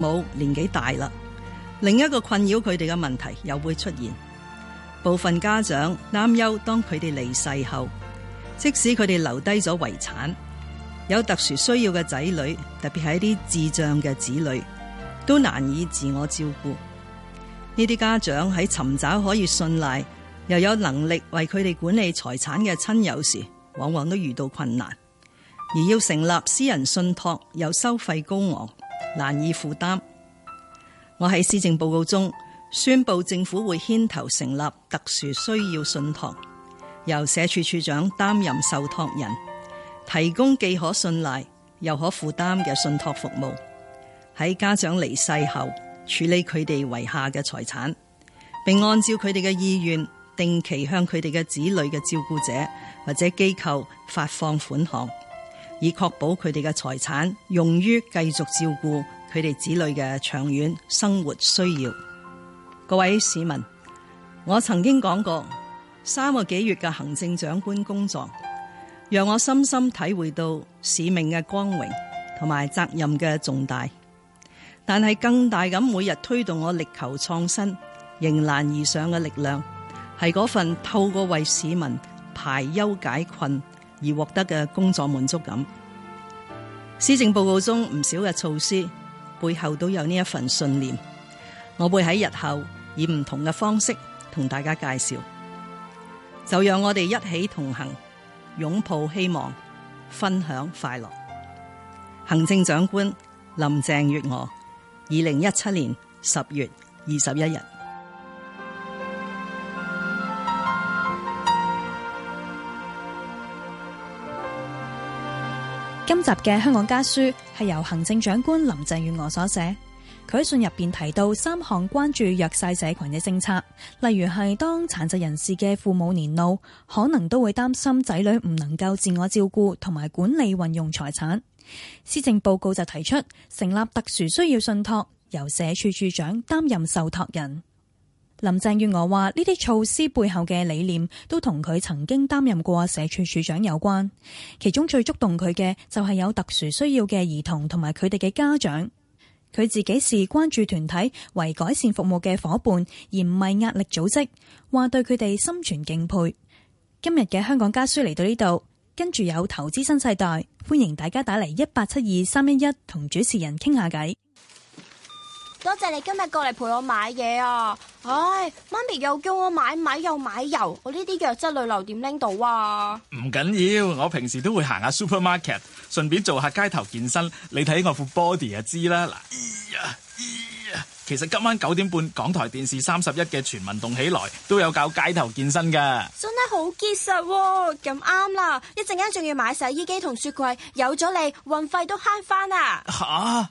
冇年紀大啦，另一個困擾佢哋嘅問題又會出現。部分家長擔憂，當佢哋離世後，即使佢哋留低咗遺產，有特殊需要嘅仔女，特別係一啲智障嘅子女，都難以自我照顧。呢啲家長喺尋找可以信賴又有能力為佢哋管理財產嘅親友時，往往都遇到困難，而要成立私人信託，又收費高昂。難以負擔。我喺施政報告中宣布，政府會牽頭成立特殊需要信託，由社署署長擔任受託人，提供既可信賴又可負擔嘅信託服務。喺家長離世後，處理佢哋遺下嘅財產，並按照佢哋嘅意願，定期向佢哋嘅子女嘅照顧者或者機構發放款項。以確保佢哋嘅財產用於繼續照顧佢哋子女嘅長遠生活需要。各位市民，我曾經講過三個幾月嘅行政長官工作，讓我深深體會到使命嘅光榮同埋責任嘅重大。但係更大咁每日推動我力求創新、迎難而上嘅力量，係嗰份透過為市民排憂解困。而獲得嘅工作滿足感。施政報告中唔少嘅措施背後都有呢一份信念。我會喺日後以唔同嘅方式同大家介紹。就讓我哋一起同行，擁抱希望，分享快樂。行政長官林鄭月娥，二零一七年十月二十一日。今集嘅香港家書係由行政長官林鄭月娥所寫，佢喺信入邊提到三項關注弱勢社群嘅政策，例如係當殘疾人士嘅父母年老，可能都會擔心仔女唔能夠自我照顧同埋管理運用財產。施政報告就提出成立特殊需要信託，由社署署長擔任受託人。林鄭月娥話：呢啲措施背後嘅理念都同佢曾經擔任過社署署長有關，其中最觸動佢嘅就係、是、有特殊需要嘅兒童同埋佢哋嘅家長。佢自己是關注團體為改善服務嘅夥伴，而唔係壓力組織。話對佢哋心存敬佩。今日嘅香港家書嚟到呢度，跟住有投資新世代，歡迎大家打嚟一八七二三一一同主持人傾下偈。多謝你今日過嚟陪我買嘢啊！唉，媽咪又叫我買米又買油，我呢啲弱質女流點拎到啊？唔緊要，我平時都會行下 supermarket，順便做下街頭健身，你睇我副 body 就知啦。嗱，其實今晚九點半港台電視三十一嘅全民動起來都有搞街頭健身噶，真係好結實啊。咁啱啦，一陣間仲要買洗衣機同雪櫃，有咗你運費都慳翻啊。吓！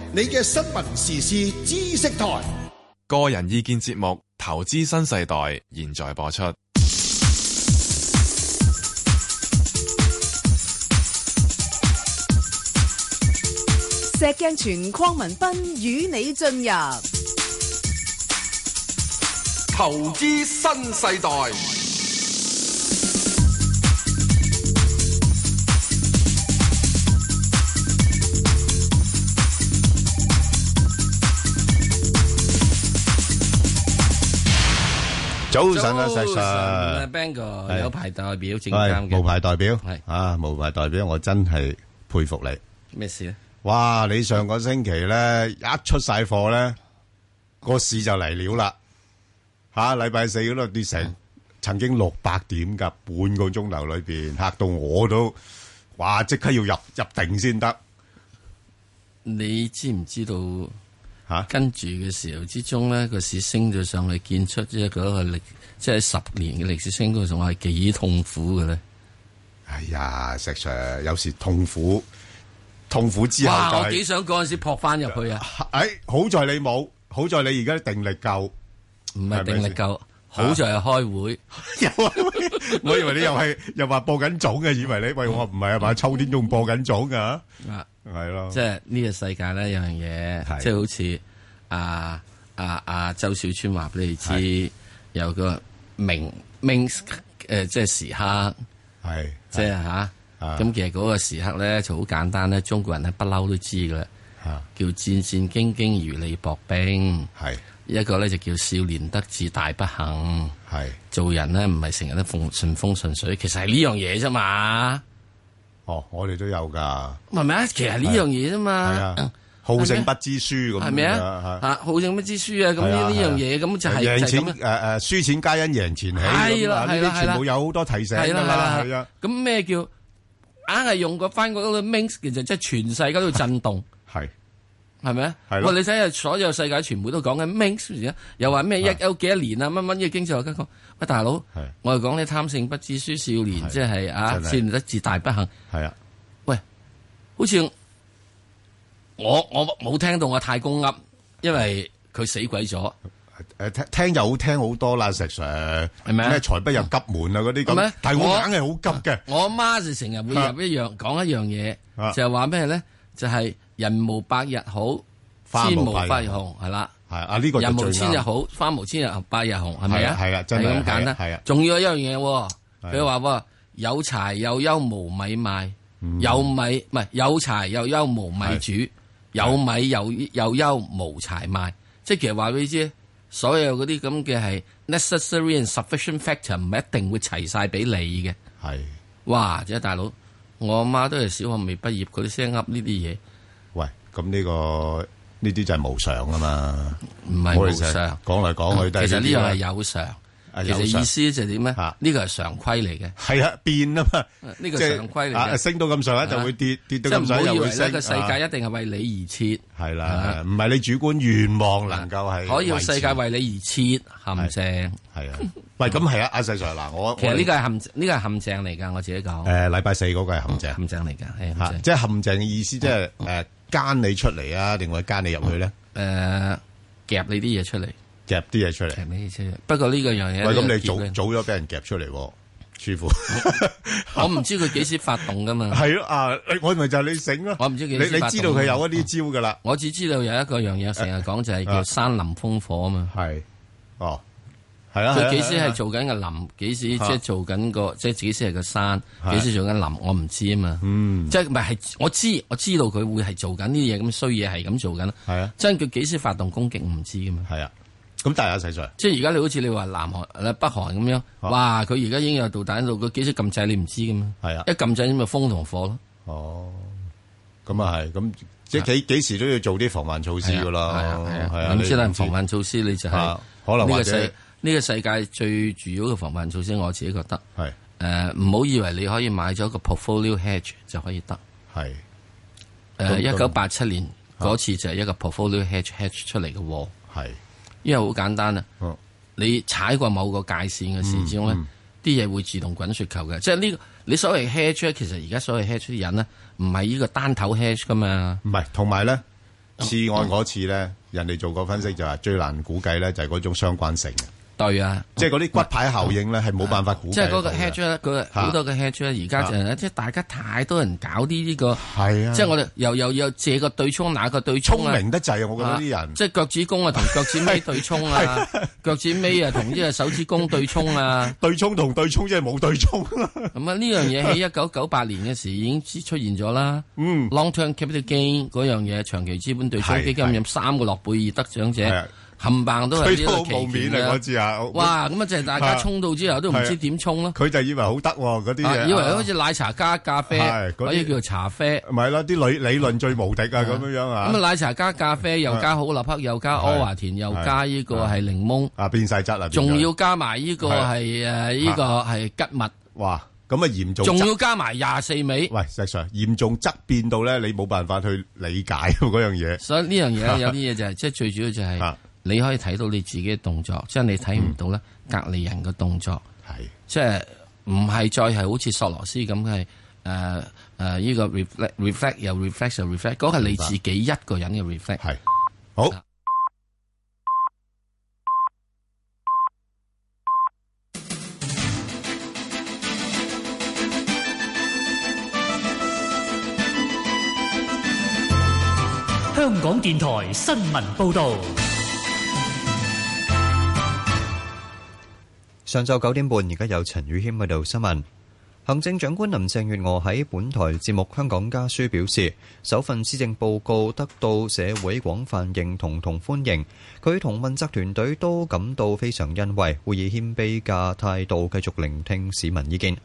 你嘅新聞時事知識台，個人意見節目《投資新世代》現在播出。石鏡泉、鄺民彬與你進入《投資新世代》。早晨啊，Sir。係。無牌代表。係。啊，無牌代表，我真係佩服你。咩事咧？哇！你上個星期咧，一出晒貨咧，個市就嚟了啦。吓，禮拜四嗰度跌成，曾經六百點噶，半個鐘頭裏邊嚇到我都，哇！即刻要入入定先得。你知唔知道？啊、跟住嘅時候之中咧，個市升咗上去，見出即係嗰個歷，即係十年嘅歷史升高，仲係幾痛苦嘅咧。哎呀，石 Sir 有時痛苦，痛苦之後，就是。哇！我幾想嗰陣時撲翻入去啊！哎，好在你冇，好在你而家定力夠，唔係定力夠，啊、好在係開會又又。我以為你又係又話播緊種嘅，以為你，為何唔係啊？嘛，秋天仲播緊種嘅。 係咯，即係呢個世界咧，有樣嘢，即係好似阿阿阿周小川話俾你知，有個明明誒，即係時刻，係的即係吓，咁、啊、的其實嗰個時刻咧，就好簡單咧，中國人咧不嬲都知噶啦，叫戰戰兢兢如履薄冰，係的一個咧就叫少年得志大不幸，係的的做人咧唔係成日都順順風順水，其實係呢樣嘢啫嘛。哦，我哋都有噶，係咪啊？其實呢樣嘢啫嘛，好勝不知輸咁，係咪啊？吓好勝不知輸啊？咁呢呢樣嘢咁就係贏錢誒誒，輸錢皆因贏錢起咁啊！呢啲全部有好多提醒係啦，係啊！咁咩叫硬係用過翻嗰個 minx？其實即係全世界都震動。係咪啊？喂，你睇下所有世界全部都講緊咩？又話咩一有幾多年啊？乜乜嘅經濟學家講喂，大佬，的我係講啲貪性不知書少年，即係的啊，唔得自大不幸。係啊的，喂，好似我我冇聽到我太公噏，因為佢死鬼咗。誒聽聽又好聽好多啦，石 Sir 係咪咩財不入急門啊，嗰啲咁。的但係我硬係好急嘅、啊。我阿媽就成日會入一樣講一樣嘢，就係話咩咧？就係、是。就是人無百日好，花無百日紅，係啦。係啊，呢個人無千日好，花無千日百日紅係咪吧啊？係啦，啊，真係咁簡單。係啊，仲要、啊、有一樣嘢，佢話、啊、有柴有憂無米賣，嗯、有米唔係有柴有憂無米煮，是有米有有憂無柴賣。啊、即係其實話俾你知，所有嗰啲咁嘅係 necessary and sufficient factor 唔係一定會齊晒俾你嘅。係是哇，即大佬，我阿媽都係小學未畢業，佢都識噏呢啲嘢。咁呢個呢啲就係無常啊嘛，唔係冇常，講嚟講去都其實呢樣係有常，其實意思就係點咩？呢個係常規嚟嘅，係啊變啊嘛，呢個常規嚟嘅，升到咁上一定會跌，跌到咁上又會升。個世界一定係為你而設，係啦，唔係你主觀願望能夠係可以。世界為你而設陷阱，係啊，喂，咁係啊，阿石 Sir 嗱，我其實呢個係陷阱，呢個係陷阱嚟噶，我自己講。誒，禮拜四嗰個係陷阱，陷阱嚟噶，吓，即係陷阱嘅意思，即係誒。奸你出嚟啊，定或者奸你入去咧？誒、呃，夾你啲嘢出嚟，夾啲嘢出嚟。出不過呢個樣嘢，喂，咁你早早咗俾人夾出嚟，舒服。我唔 知佢幾時發動噶嘛。係咯啊，我咪就係你醒咯、啊。我唔知幾，你你知道佢有一啲招噶啦、啊。我只知道有一個樣嘢，成日講就係叫山林烽火啊嘛。係、啊，哦、啊。係啦，佢幾時係做緊個林？幾時即係做緊個即係自己先係個山？幾時做緊林？我唔知啊嘛，即係唔係？我知，我知道佢會係做緊呢啲嘢，咁衰嘢，係咁做緊。係啊，真佢幾時發動攻擊，我唔知噶嘛。係啊，咁大家一齊即係而家你好似你話南韓、北韓咁樣，哇！佢而家已經有導彈喺度，佢幾時撳掣你唔知噶嘛？係啊，一撳掣咁咪風同火咯。哦，咁啊係，咁即係幾幾時都要做啲防範措施噶啦。係係咁即係防範措施，你就係可能或者。呢個世界最主要嘅防範措施，我自己覺得係誒唔好以為你可以買咗一個 portfolio hedge 就可以得，係誒一九八七年嗰、啊、次就係一個 portfolio hedge hedge 出嚟嘅喎係，是因為好簡單啊！你踩過某個界線嘅時之中咧，啲嘢、嗯嗯、會自動滾雪球嘅。即係呢、呢個，你所謂 hedge 其實而家所謂 hedge 啲人咧，唔係呢個單頭 hedge 噶嘛，唔係同埋咧，次按嗰次咧，人哋做個分析就話、嗯、最難估計咧就係嗰種相關性嘅。對啊，即係嗰啲骨牌效應咧，係冇辦法估。即係嗰個 hedger，嗰好多嘅 hedger，而家就即係大家太多人搞啲呢個。係啊，即係我哋又又又借個對沖，哪個對沖啊？聰明得滯啊！我覺得啲人。即係腳趾公啊，同腳趾尾對沖啊，腳趾尾啊，同呢係手指公對沖啊。對沖同對沖即係冇對沖。咁啊，呢樣嘢喺一九九八年嘅時已經出現咗啦。Long Term Capital Gain 嗰樣嘢，長期資本對沖基金入三個諾貝爾得獎者。冚棒都係呢度蒙面啊！嗰知啊，哇咁啊，就係大家衝到之後都唔知點衝咯。佢就以為好得嗰啲啊，以為好似奶茶加咖啡，或者叫茶啡，唔係咯，啲理理論最無敵啊咁樣樣啊。咁啊，奶茶加咖啡又加好立克，又加安華田，又加呢個係檸檬啊，變晒質啦！仲要加埋呢個係誒依個係吉物，哇！咁啊嚴重，仲要加埋廿四味。喂石 s i 嚴重質變到咧，你冇辦法去理解嗰樣嘢。所以呢樣嘢有啲嘢就係即係最主要就係。你可以睇到你自己嘅動作，即係你睇唔到咧隔離人嘅動作，係、嗯、即係唔係再係好似索羅斯咁嘅誒誒呢個 reflect, reflect reflect 又 reflect 又 reflect，嗰係你自己一個人嘅 reflect。係白好。嗯、香港電台新聞報導。上晝九點半，而家有陳宇軒喺度新聞。行政長官林鄭月娥喺本台節目《香港家書》表示，首份施政報告得到社會廣泛認同同歡迎，佢同問責團隊都感到非常欣慰，會以謙卑嘅態度繼續聆聽市民意見。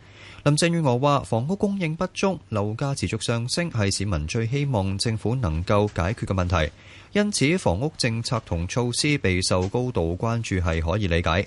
林鄭月娥話：房屋供應不足、樓價持續上升係市民最希望政府能夠解決嘅問題，因此房屋政策同措施備受高度關注係可以理解。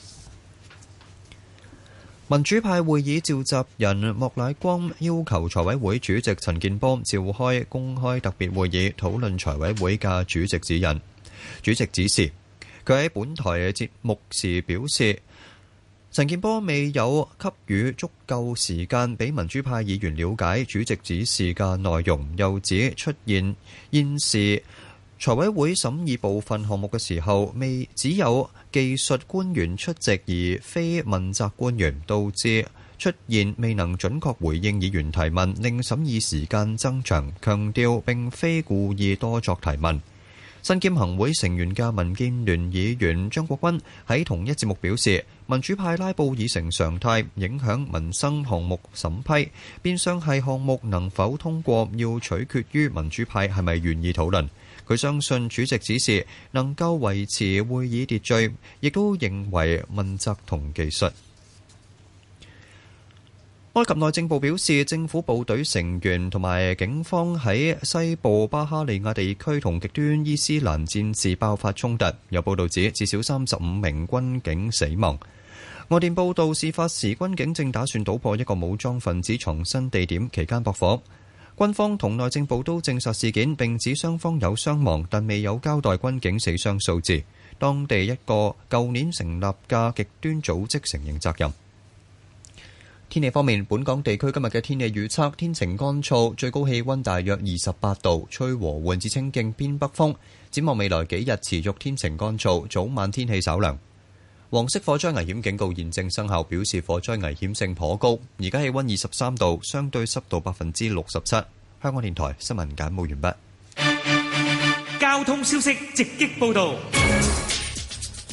民主派會議召集人莫乃光要求財委會主席陳建波召開公開特別會議討論財委會嘅主席指引。主席指示佢喺本台嘅節目時表示，陳建波未有給予足夠時間俾民主派議員了解主席指示嘅內容，又指出現現時。財委會審議部分項目嘅時候，未只有技術官員出席，而非問責官員，導致出現未能準確回應議員提問，令審議時間增長。強調並非故意多作提問。身兼行會成員嘅民建聯議員張國軍喺同一節目表示。民主派拉布已成常態，影響民生項目審批，變相係項目能否通過要取決於民主派係咪願意討論，佢相信主席指示能夠維持會議秩序，亦都認為問責同技術。埃及內政部表示，政府部隊成員同埋警方喺西部巴哈利亞地區同極端伊斯蘭戰士爆發衝突，有報道指至少三十五名軍警死亡。外電報道，事發時軍警正打算搗破一個武裝分子藏身地點，期間駁火。軍方同內政部都證實事件，並指雙方有傷亡，但未有交代軍警死傷數字。當地一個舊年成立嘅極端組織承認責任。天氣方面，本港地區今日嘅天氣預測，天晴乾燥，最高氣溫大約二十八度，吹和緩至清勁偏北風。展望未來幾日，持續天晴乾燥，早晚天氣稍涼。黃色火災危險警告現正生效，表示火災危險性頗高。而家氣溫二十三度，相對濕度百分之六十七。香港電台新聞簡報完畢。交通消息直擊報道。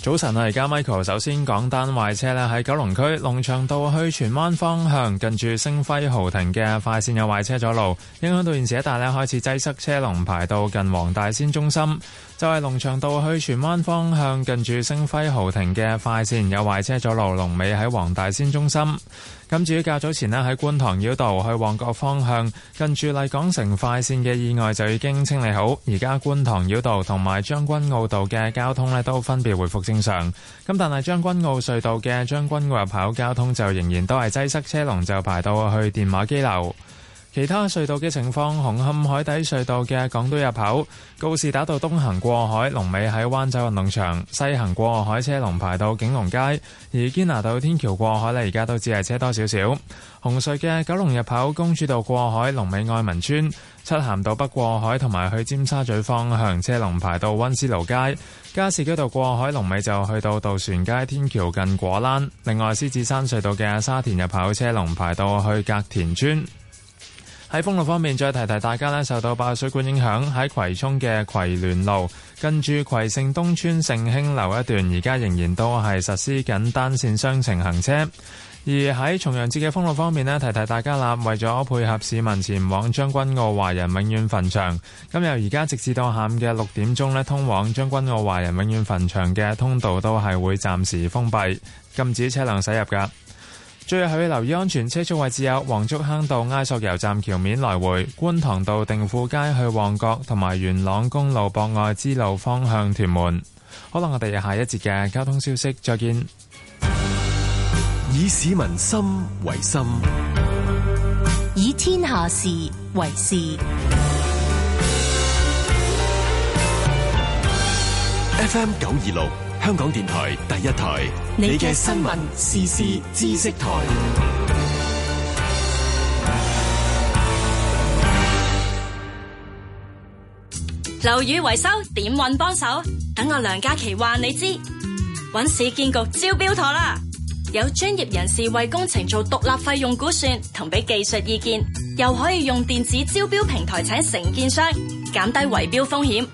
早晨啊，而家 Michael 首先講單壞車呢，喺九龍區龍翔道去荃灣方向，近住星輝豪庭嘅快線有壞車阻路，影響到現時一帶呢開始擠塞車龍，排到近黃大仙中心。就係龍翔道去荃灣方向，近住星輝豪庭嘅快線有壞車阻路，龍尾喺黃大仙中心。咁至於較早前咧喺觀塘繞道去旺角方向近住麗港城快線嘅意外，就已經清理好，而家觀塘繞道同埋將軍澳道嘅交通咧都分別回復正常。咁但係將軍澳隧道嘅將軍澳入口交通就仍然都係擠塞車龍，車龍就排到去電話機樓。其他隧道嘅情況，紅磡海底隧道嘅港島入口，告士打道東行過海，龍尾喺灣仔運動場；西行過海車龍排到景隆街。而堅拿道天橋過海咧，而家都只係車多少少。紅隧嘅九龍入口，公主道過海龍尾愛民村；漆咸道北過海同埋去尖沙咀方向，車龍排到溫思勞街。加士居道過海龍尾就去到渡船街天橋近果欄。另外，獅子山隧道嘅沙田入口，車龍排到去隔田村。喺封路方面，再提提大家咧，受到爆水管影響，喺葵涌嘅葵聯路跟住葵盛東邨盛興樓一段，而家仍然都係實施緊單線雙程行車。而喺重陽節嘅封路方面呢，提提大家啦，為咗配合市民前往將軍澳華人永遠墳場，今日而家直至到下午嘅六點鐘呢，通往將軍澳華人永遠墳場嘅通道都係會暫時封閉，禁止車輛駛入噶。最後要留意安全車速位置，有黃竹坑道埃索油站橋面來回，觀塘道定富街去旺角，同埋元朗公路博愛之路方向屯門。可能我哋下一節嘅交通消息再見。以市民心為心，以天下事為事。F M 九二六。 香港電台第一台，你嘅新聞時事知識台。樓宇維修點揾幫手？等我梁嘉琪話你知。揾市建局招標妥啦，有專業人士為工程做獨立費用估算同俾技術意見，又可以用電子招標平台請承建商，減低圍標風險。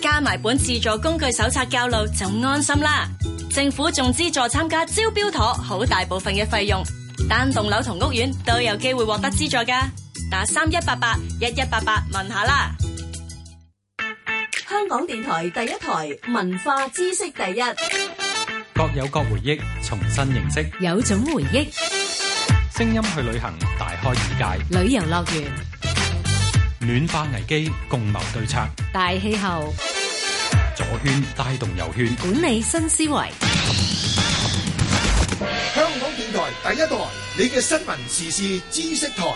加埋本自助工具手冊教路就安心啦。政府仲資助參加招標妥，好大部分嘅費用，單棟樓同屋苑都有機會獲得資助噶。打三一八八一一八八問下啦。香港電台第一台文化知識第一，各有各回憶，重新認識有種回憶，聲音去旅行，大開眼界，旅遊樂園。暖化危機，共謀對策。大氣候，左圈帶動右圈，管理新思維。香港電台第一台，你嘅新聞時事知識台。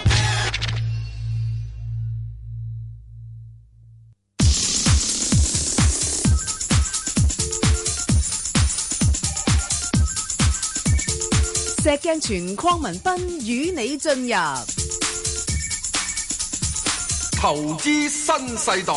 石鏡泉、鄺民彬與你進入。投資新世代，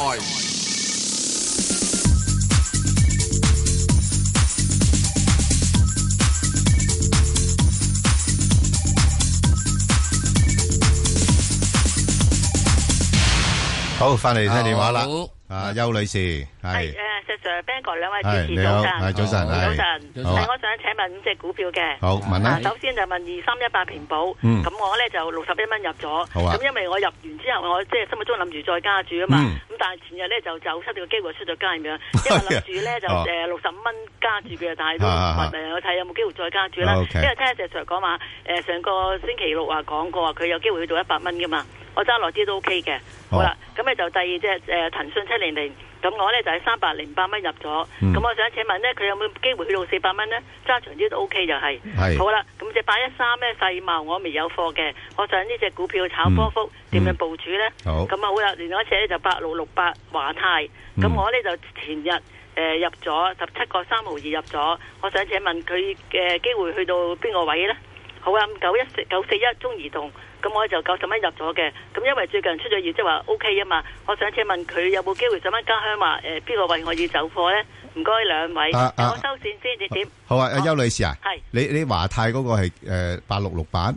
好，翻嚟聽電話啦。阿邱女士係，誒，石 Sir、Ben 哥，兩位主持早晨，早晨，早晨。我想請問五隻股票嘅，好問啦。首先就問二三一八平保，咁我咧，就六十一蚊入咗，咁因為我入完之後，我即係心目中諗住再加注啊嘛。咁但係前日咧，就走失咗個機會，出咗街咁樣，因為諗住咧，就誒六十五蚊加住嘅，但係都誒我睇有冇機會再加注啦。因為聽阿石 Sir 講話，誒上個星期六啊講過佢有機會要做一百蚊噶嘛，我揸落啲都 OK 嘅。好啦，咁咪就第二隻誒騰訊零零，咁、嗯、我呢就係三百零八蚊入咗，咁、嗯、我想請問呢，佢有冇機會去到四百蚊呢？揸長啲都 O K 就係、是。是好啦，咁隻八一三呢，世茂我未有貨嘅，我想呢隻股票炒波幅，點、嗯、樣部署呢？咁啊好，好啦，另外一隻呢，就八六六八華泰，咁我呢就前日誒、呃、入咗十七個三毫二入咗，我想請問佢嘅機會去到邊個位呢？好啊，九一九四一中移動。咁我就九十蚊入咗嘅，咁因為最近出咗業績，即係話 O K 啊嘛，我想請問佢有冇機會走返家鄉話誒邊個位可以走貨咧？唔該兩位，我收線先，你點？好啊，阿邱女士啊，係你你華泰嗰個係誒八六六八，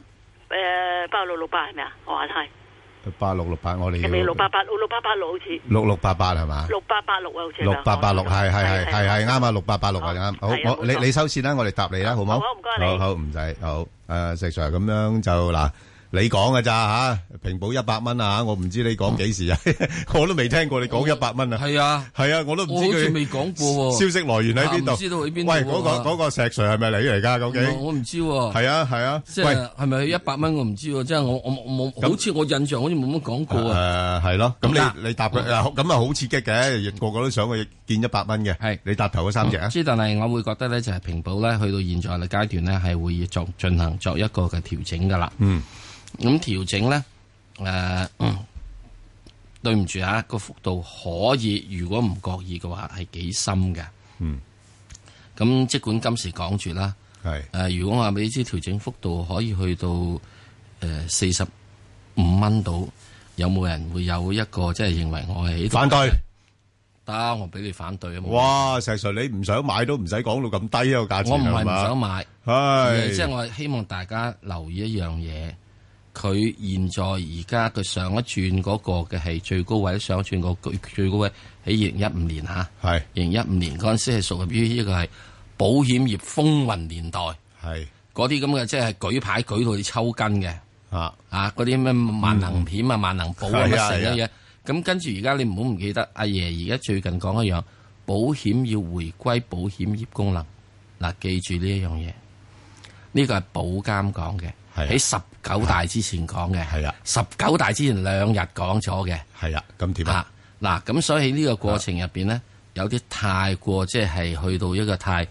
誒八六六八係咪啊？華泰八六六八，我哋六八八六八八六好似六六八八係嘛？六八八六啊，好似六八八六，係係係係係啱啊！六八八六啊啱，好我你你收線啦，我哋答你啦，好冇？好唔該你，好唔使好誒，石 Sir 咁樣就嗱。你講嘅咋吓？平保一百蚊啊，我唔知你講幾時啊，我都未聽過你講一百蚊啊。係啊，係啊，我都唔知佢。我好似未講過。消息來源喺邊度？唔知道喺邊度。喂，嗰個嗰個石 Sir 係咪你嚟噶？究竟？我唔知。係啊係啊。喂，係咪一百蚊？我唔知。即係我我冇。好似我印象好似冇乜講過啊。誒，係咯。咁你你答佢？咁啊，好刺激嘅，個個都想去見一百蚊嘅。係。你搭頭嗰三隻。但係，我會覺得咧就係平保咧，去到現在嘅階段咧係會作進行作一個嘅調整噶啦。嗯。咁調整咧，誒，對唔住啊，個幅度可以，如果唔覺意嘅話，係幾深嘅。嗯，咁即管今時講住啦。係。誒，如果話俾啲調整幅度可以去到誒四十五蚊到，有冇人會有一個即係認為我係反對？得，我俾你反對啊！哇！石 Sir，你唔想買都唔使講到咁低個價錢係嘛？我唔係唔想買，係即係我希望大家留意一樣嘢。佢現在而家佢上一轉嗰個嘅係最高位，上一轉個最高位喺二零一五年吓，二零一五年嗰陣時係屬於一個係保險業風雲年代，係嗰啲咁嘅即係舉牌舉到你抽筋嘅，是啊啊嗰啲咩萬能險啊、嗯、萬能保啊乜成嘢，咁的跟住而家你唔好唔記得，阿爺而家最近講一樣保險要回歸保險業功能，嗱、啊、記住呢一樣嘢，呢個係保監講嘅。喺十九大之前講嘅，係啊，十九大之前兩日講咗嘅，係啊，咁點啊？嗱，咁所以喺呢個過程入邊呢，有啲太過即係去到一個太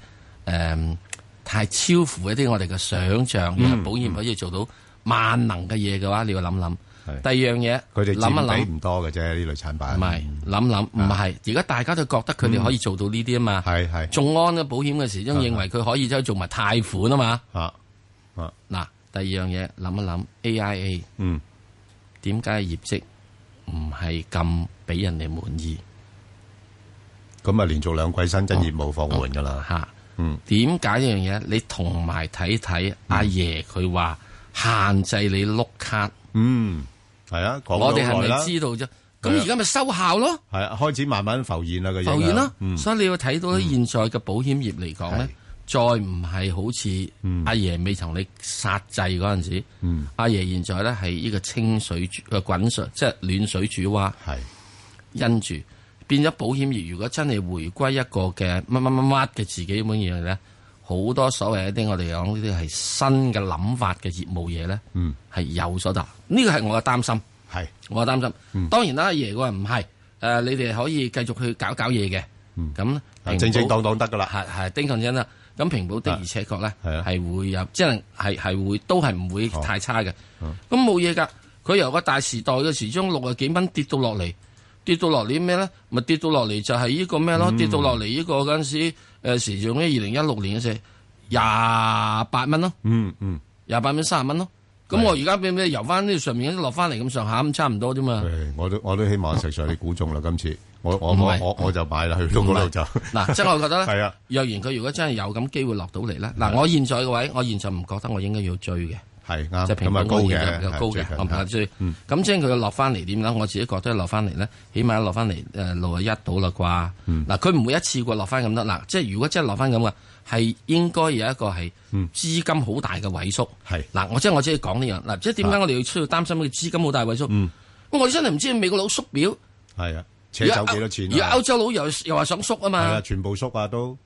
誒太超乎一啲我哋嘅想像。保險可以做到萬能嘅嘢嘅話，你要諗諗。第二樣嘢，佢哋諗一諗唔多嘅啫，呢類產品唔係諗諗，唔係而家大家都覺得佢哋可以做到呢啲啊嘛。係係眾安嘅保險嘅時，都認為佢可以做埋貸款啊嘛。嗱！第二樣嘢諗一諗 AIA，點解業績唔係咁俾人哋滿意？咁啊，連續兩季新增業務放緩噶啦吓。嗯，點解呢樣嘢？你同埋睇睇阿爺佢話限制你碌卡。嗯，係啊，我哋係咪知道啫？咁而家咪收效咯。係啊，開始慢慢浮現啦嘅嘢。浮現啦，所以你要睇到咧，現在嘅保險業嚟講咧。再唔係好似阿爺未曾你殺制嗰陣時，阿爺現在咧係呢個清水嘅滾水，即係暖水煮蛙。係因住變咗保險業，如果真係回歸一個嘅乜乜乜乜嘅自己咁本業咧，好多所謂一啲我哋講呢啲係新嘅諗法嘅業務嘢咧，係有所得。呢個係我嘅擔心。係我嘅擔心。當然啦，阿爺話唔係，誒你哋可以繼續去搞搞嘢嘅。咁正正當當得㗎啦。係係丁強真啦。咁平保的而且確咧，係、啊、會有，即係係係會都係唔會太差嘅。咁冇嘢㗎，佢、哦、由個大時代嘅時鐘六十幾蚊跌到落嚟，跌到落嚟咩咧？咪跌到落嚟就係呢個咩咯？跌到落嚟呢個嗰陣、嗯、時，誒、呃、時鐘二零一六年嘅時廿八蚊咯，嗯嗯，廿八蚊三十蚊咯。咁我而家俾咩由翻呢上面落翻嚟咁上下咁差唔多啫嘛。我都我都希望實在你估中啦今次，我我我我就買啦，去到嗰度就。嗱，即係我覺得咧。係啊。若然佢如果真係有咁機會落到嚟咧，嗱，我現在嘅位，我現在唔覺得我應該要追嘅。係即係平穩高嘅。高嘅。追。咁即係佢落翻嚟點咧？我自己覺得落翻嚟咧，起碼落翻嚟誒六啊一到啦啩。嗱，佢唔會一次過落翻咁多。嗱，即係如果真係落翻咁嘅。係應該有一個係資金好大嘅萎縮，係嗱，我即係我即係講呢樣，嗱，即係點解我哋要需要擔心嘅資金好大萎縮？我真係唔知美國佬縮表，係啊，扯走幾多錢？而歐洲佬又又話想縮啊嘛，係啊，全部縮啊都。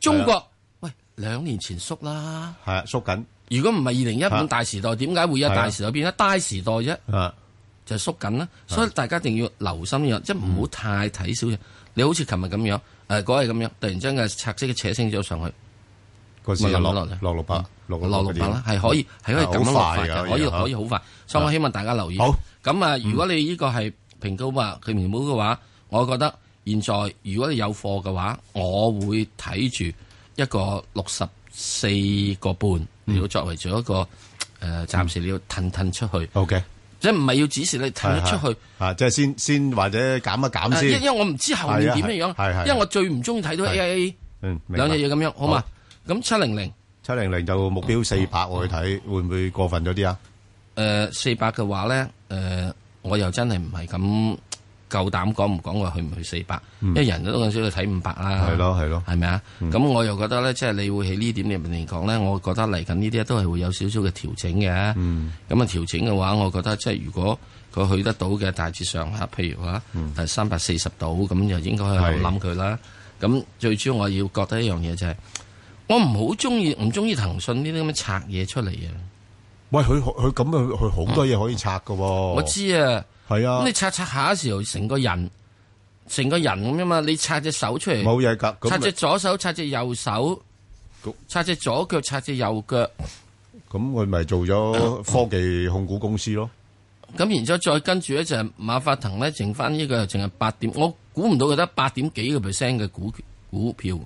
中國喂，兩年前縮啦，係縮緊。如果唔係二零一五大時代，點解會有大時代變咗低時代啫？啊，就縮緊啦。所以大家一定要留心呢樣，即係唔好太睇小嘢。你好似琴日咁樣。誒，嗰係咁樣，突然之間嘅彩色嘅扯升咗上去，個市又落落落六百，落六百啦，係可以，係可以咁樣落嘅，可以可以好快，所以我希望大家留意。好咁啊，如果你呢個係評估啊，佢評估嘅話，我覺得現在如果你有貨嘅話，我會睇住一個六十四個半，如果作為咗一個誒，暫時你要褪褪出去。O K。即係唔係要指示你睇得出去，吓、啊、即係先先或者減一減先、啊，因為我唔知後面點樣樣，是是是是是因為我最唔中意睇到 AIA 兩隻嘢咁樣，好嘛？咁七零零，七零零就目標四百我去睇，會唔會過分咗啲啊？誒、呃，四百嘅話咧，誒、呃，我又真係唔係咁。夠膽講唔講話去唔去四百？因為人都度少去睇五百啦。係咯係咯，係咪啊？咁我又覺得咧，即係你會喺呢點入面嚟講咧，我覺得嚟緊呢啲都係會有少少嘅調整嘅。咁啊、嗯、調整嘅話，我覺得即係如果佢去得到嘅大致上下，譬如話係三百四十度咁，就、嗯、應該去諗佢啦。咁是的 最主要我要覺得一樣嘢就係，我唔好中意唔中意騰訊呢啲咁樣拆嘢出嚟嘅。喂，佢佢咁啊，佢好多嘢可以拆㗎喎。我知啊。係啊，咁你擦擦下嘅時候，成個人，成個人咁啊嘛，你擦隻手出嚟，冇嘢噶，擦隻左手，擦隻右手，擦隻左腳，擦隻右腳，咁佢咪做咗科技控股公司咯？咁、嗯、然之後再跟住咧就馬化騰咧剩翻呢、這個淨係八點，我估唔到佢得八點幾個 percent 嘅股股票。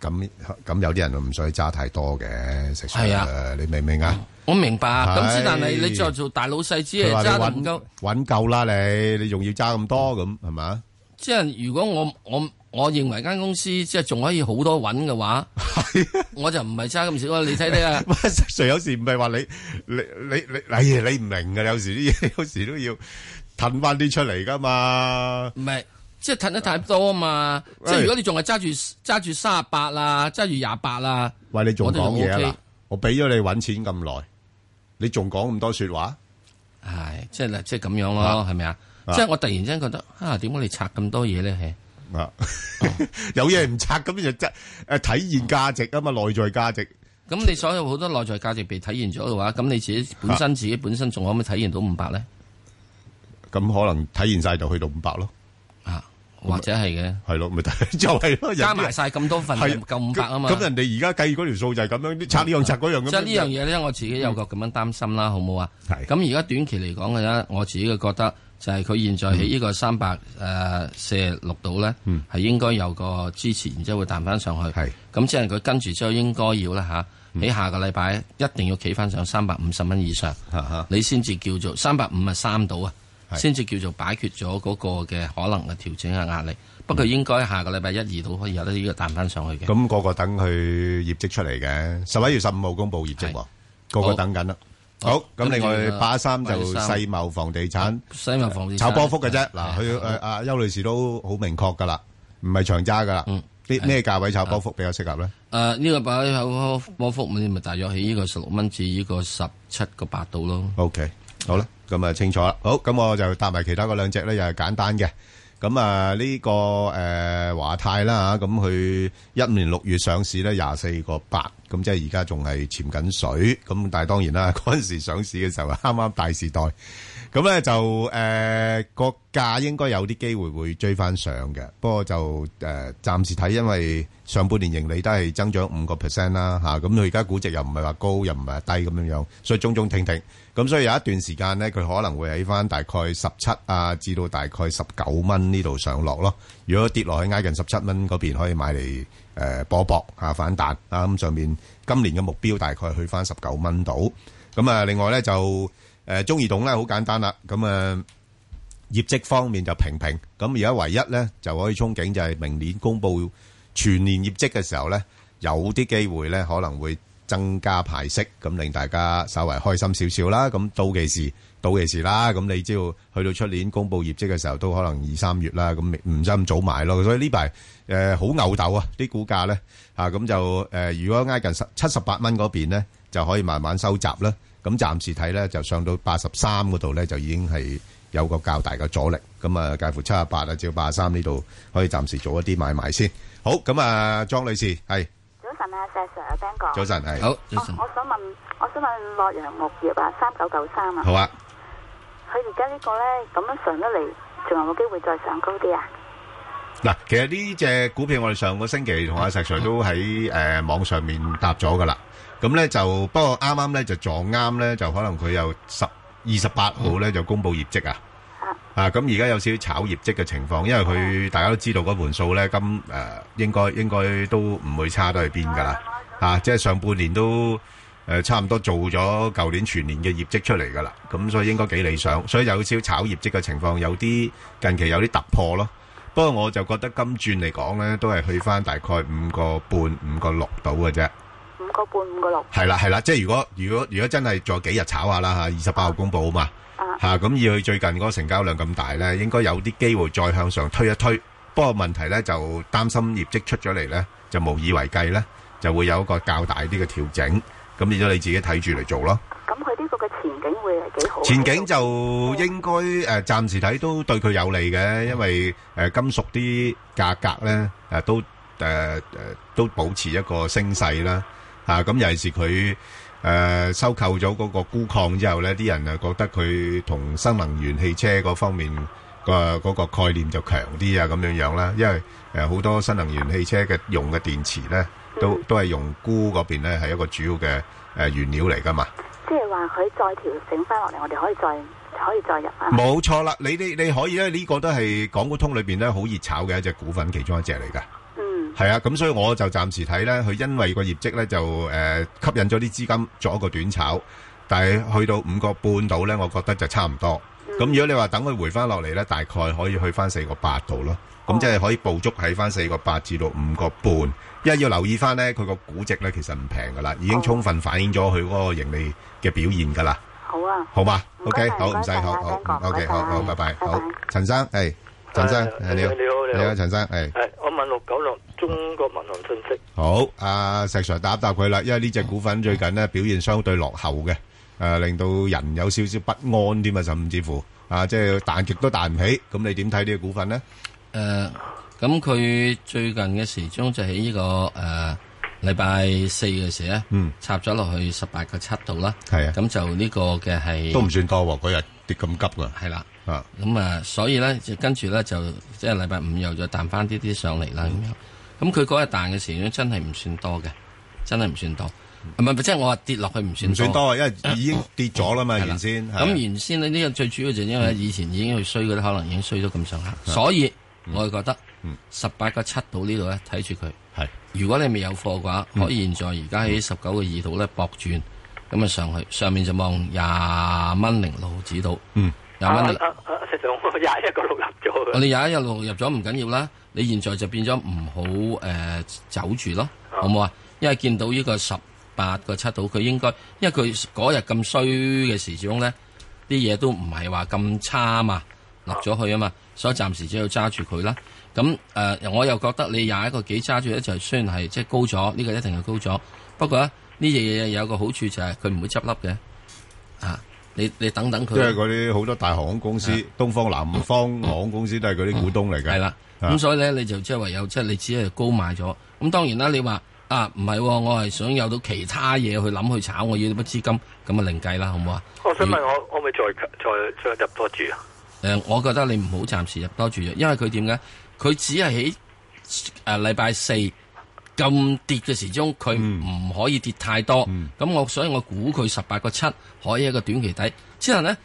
咁咁有啲人就唔需要揸太多嘅，食係啊，你明唔明啊？我明白，咁是但係你再做大老細只係揸唔夠，搵夠啦你，你仲要揸咁多咁係咪啊？即係如果我我我認為間公司即係仲可以好多搵嘅話， 我就唔係揸咁少咯。你睇睇啊，石 sir 有時唔係話你你你你你唔明㗎，有時啲嘢，有時都要褪翻啲出嚟噶嘛？唔係。即係褪得太多啊嘛！即係如果你仲係揸住揸住三十八啦，揸住廿八啦，喂你仲講嘢啦！我俾咗你搵錢咁耐，你仲講咁多說話？係即係即係咁樣咯，係咪啊？即係我突然之間覺得啊，點解你拆咁多嘢咧？係有嘢唔拆咁就即誒體現價值啊嘛！內在價值。咁你所有好多內在價值被體現咗嘅話，咁你自己本身自己本身仲可唔可以體現到五百咧？咁可能體現晒就去到五百咯。或者係嘅，係咯，咪就係咯，加埋晒咁多份，夠五百啊嘛。咁人哋而家計嗰條數就係咁樣，拆呢樣拆嗰樣咁。即係呢樣嘢咧，我自己有個咁樣擔心啦，好冇啊？係。咁而家短期嚟講嘅咧，我自己嘅覺得就係佢現在喺呢個三百誒四六度咧，係應該有個支持，然之後會彈翻上去。係。咁即係佢跟住之後應該要喇吓，喺下個禮拜一定要企翻上三百五十蚊以上，你先至叫做三百五啊三度啊。先至叫做擺脱咗嗰個嘅可能嘅調整嘅壓力，不過應該下個禮拜一、二都可以有得呢個彈返上去嘅。咁、嗯那個個等佢業績出嚟嘅，十一月十五號公佈業績喎，是個個等緊啦。好，咁好著另外八三就世茂、啊、房地產，世茂房地產炒波幅嘅啫。嗱，佢阿阿邱女士都好明確噶啦，唔係長揸噶啦。啲咩價位炒波幅比較適合咧？誒、啊，呢、啊這個八波幅咁，咪大約喺呢個十六蚊至呢個十七個八度咯。OK，好啦。咁啊清楚啦，好，咁我就搭埋其他嗰兩隻咧，又係簡單嘅。咁啊呢個、這個、誒、呃、華泰啦吓，咁佢一五年六月上市咧，廿四個八，咁即係而家仲係潛緊水。咁但係當然啦，嗰陣時上市嘅時候係啱啱大時代。咁咧、嗯、就誒個、呃、價應該有啲機會會追翻上嘅，不過就誒、呃、暫時睇，因為上半年盈利都係增長五個 percent 啦嚇，咁佢而家估值又唔係話高，又唔係話低咁樣樣，所以中中停停。咁、嗯、所以有一段時間咧，佢可能會喺翻大概十七啊至到大概十九蚊呢度上落咯。如果跌落去挨近十七蚊嗰邊，可以買嚟誒搏搏嚇反彈啊。咁上面今年嘅目標大概去翻十九蚊度。咁、嗯、啊，另外咧就。誒中移動咧好簡單啦，咁誒業績方面就平平，咁而家唯一咧就可以憧憬就係明年公布全年業績嘅時候咧，有啲機會咧可能會增加派息，咁令大家稍為開心少少啦。咁到時，到時啦。咁你知道去到出年公布業績嘅時候，都可能二三月啦，咁唔使咁早買咯。所以呢排誒好牛竇啊，啲股價咧嚇咁就誒，如果挨近七十八蚊嗰邊咧，就可以慢慢收集啦。咁暫時睇咧，就上到八十三嗰度咧，就已經係有個較大嘅阻力。咁啊，介乎七十八啊，至到八十三呢度，可以暫時做一啲買賣先。好，咁啊，莊女士，係早晨啊，石 Sir 啊，Ben 哥，早晨，係好。我我想問，我想問，洛陽木業啊，三九九三啊，好啊。佢而家呢個咧咁樣上得嚟，仲有冇機會再上高啲啊？嗱，其實呢隻股票我哋上個星期同阿石 Sir 都喺誒網上面答咗噶啦。咁咧就，不過啱啱咧就撞啱呢就可能佢又十二十八號呢就公布業績啊！啊，咁而家有少少炒業績嘅情況，因為佢大家都知道嗰盤數咧，今誒、呃、應該應該都唔會差得去邊㗎啦！啊，即係上半年都誒、呃、差唔多做咗舊年全年嘅業績出嚟㗎啦，咁、啊、所以應該幾理想，所以有少少炒業績嘅情況，有啲近期有啲突破咯。不過我就覺得今轉嚟講呢，都係去翻大概五個半、五個六度嘅啫。個半五個六係啦，係啦，即係如果如果如果真係再幾日炒下啦吓，二十八號公布啊嘛吓，咁以佢最近嗰個成交量咁大咧，應該有啲機會再向上推一推。不過問題咧就擔心業績出咗嚟咧就無以為繼咧，就會有一個較大啲嘅調整。咁變咗你自己睇住嚟做咯。咁佢呢個嘅前景會係幾好？前景就應該誒，暫時睇都對佢有利嘅，因為誒金屬啲價格咧誒都誒誒都保持一個升勢啦。啊，咁尤其是佢誒收購咗嗰個鈷礦之後咧，啲人啊覺得佢同新能源汽車嗰方面嘅嗰個概念就強啲啊，咁樣樣啦，因為誒好多新能源汽車嘅用嘅電池咧，都都係用鈷嗰邊咧係一個主要嘅誒原料嚟㗎嘛。即係話佢再調整翻落嚟，我哋可以再可以再入啦。冇錯啦，你你你可以咧，呢個都係港股通裏邊咧好熱炒嘅一隻股份，其中一隻嚟㗎。係啊，咁所以我就暫時睇呢。佢因為個業績呢，就誒、呃、吸引咗啲資金做一個短炒，但係去到五個半度呢，我覺得就差唔多。咁、嗯、如果你話等佢回翻落嚟呢，大概可以去翻四個八度咯。咁即係可以捕捉喺翻四個八至到五個半。一要留意翻呢，佢個估值呢，其實唔平噶啦，已經充分反映咗佢嗰個盈利嘅表現噶啦。好啊，好嘛嗎，OK，好唔使學，OK，好好，好拜拜，好，陳生，係。陳生，啊、你好，你好，係啊，陳生係。係我問六九六中國民航信息。好，阿、啊、石 Sir 答一答佢啦，因為呢隻股份最近咧表現相對落後嘅，誒、啊、令到人有少少不安添啊，甚至乎啊即係彈極都彈唔起。咁你點睇呢隻股份呢？誒、啊，咁佢最近嘅時鐘就喺、這個啊、呢個誒禮拜四嘅時咧，嗯，插咗落去十八的個七度啦，係啊，咁就呢個嘅係都唔算多，佢日跌咁急噶，係啦。咁啊，所以咧，就跟住咧，就即係禮拜五又再彈翻啲啲上嚟啦。咁樣，咁佢嗰日彈嘅時候咧，真係唔算多嘅，真係唔算多。係咪？即係我話跌落去唔算最多，因為已經跌咗啦嘛。原先咁原先咧，呢個最主要就因為以前已經去衰，嗰啲可能已經衰咗咁上下，所以我係覺得十八個七度呢度咧睇住佢。係如果你未有貨嘅話，可現在而家喺十九個二度咧博轉咁啊上去，上面就望廿蚊零六止度。嗯。廿蚊，廿一個六入咗。你廿一個六入咗唔緊要啦，你現在就變咗唔好誒走住咯，好唔好啊？因為見到呢個十八個七度，佢應該因為佢嗰日咁衰嘅時鐘咧，啲嘢都唔係話咁差嘛，落咗去啊嘛，所以暫時只要揸住佢啦。咁誒，我又覺得你廿一個幾揸住咧，就雖然係即係高咗，呢個一定係高咗。不過咧，呢隻嘢有個好處就係佢唔會執笠嘅，啊。你你等等佢，即係嗰啲好多大航空公司、的東方、南方航、嗯、空公司都係嗰啲股東嚟計。係啦，咁所以咧，你就即係話有，即、就、係、是、你只係高買咗。咁當然啦，你話啊唔係、哦，我係想有到其他嘢去諗去炒，我要啲乜資金，咁啊另計啦，好唔好啊？我想問我，你我可唔可以再再再，再入多注啊？誒、呃，我覺得你唔好暫時入多注，因為佢點解？佢只係喺誒禮拜四。咁跌嘅時鐘，佢唔可以跌太多。咁、嗯、我所以我估佢十八個七可以一個短期底。之後呢，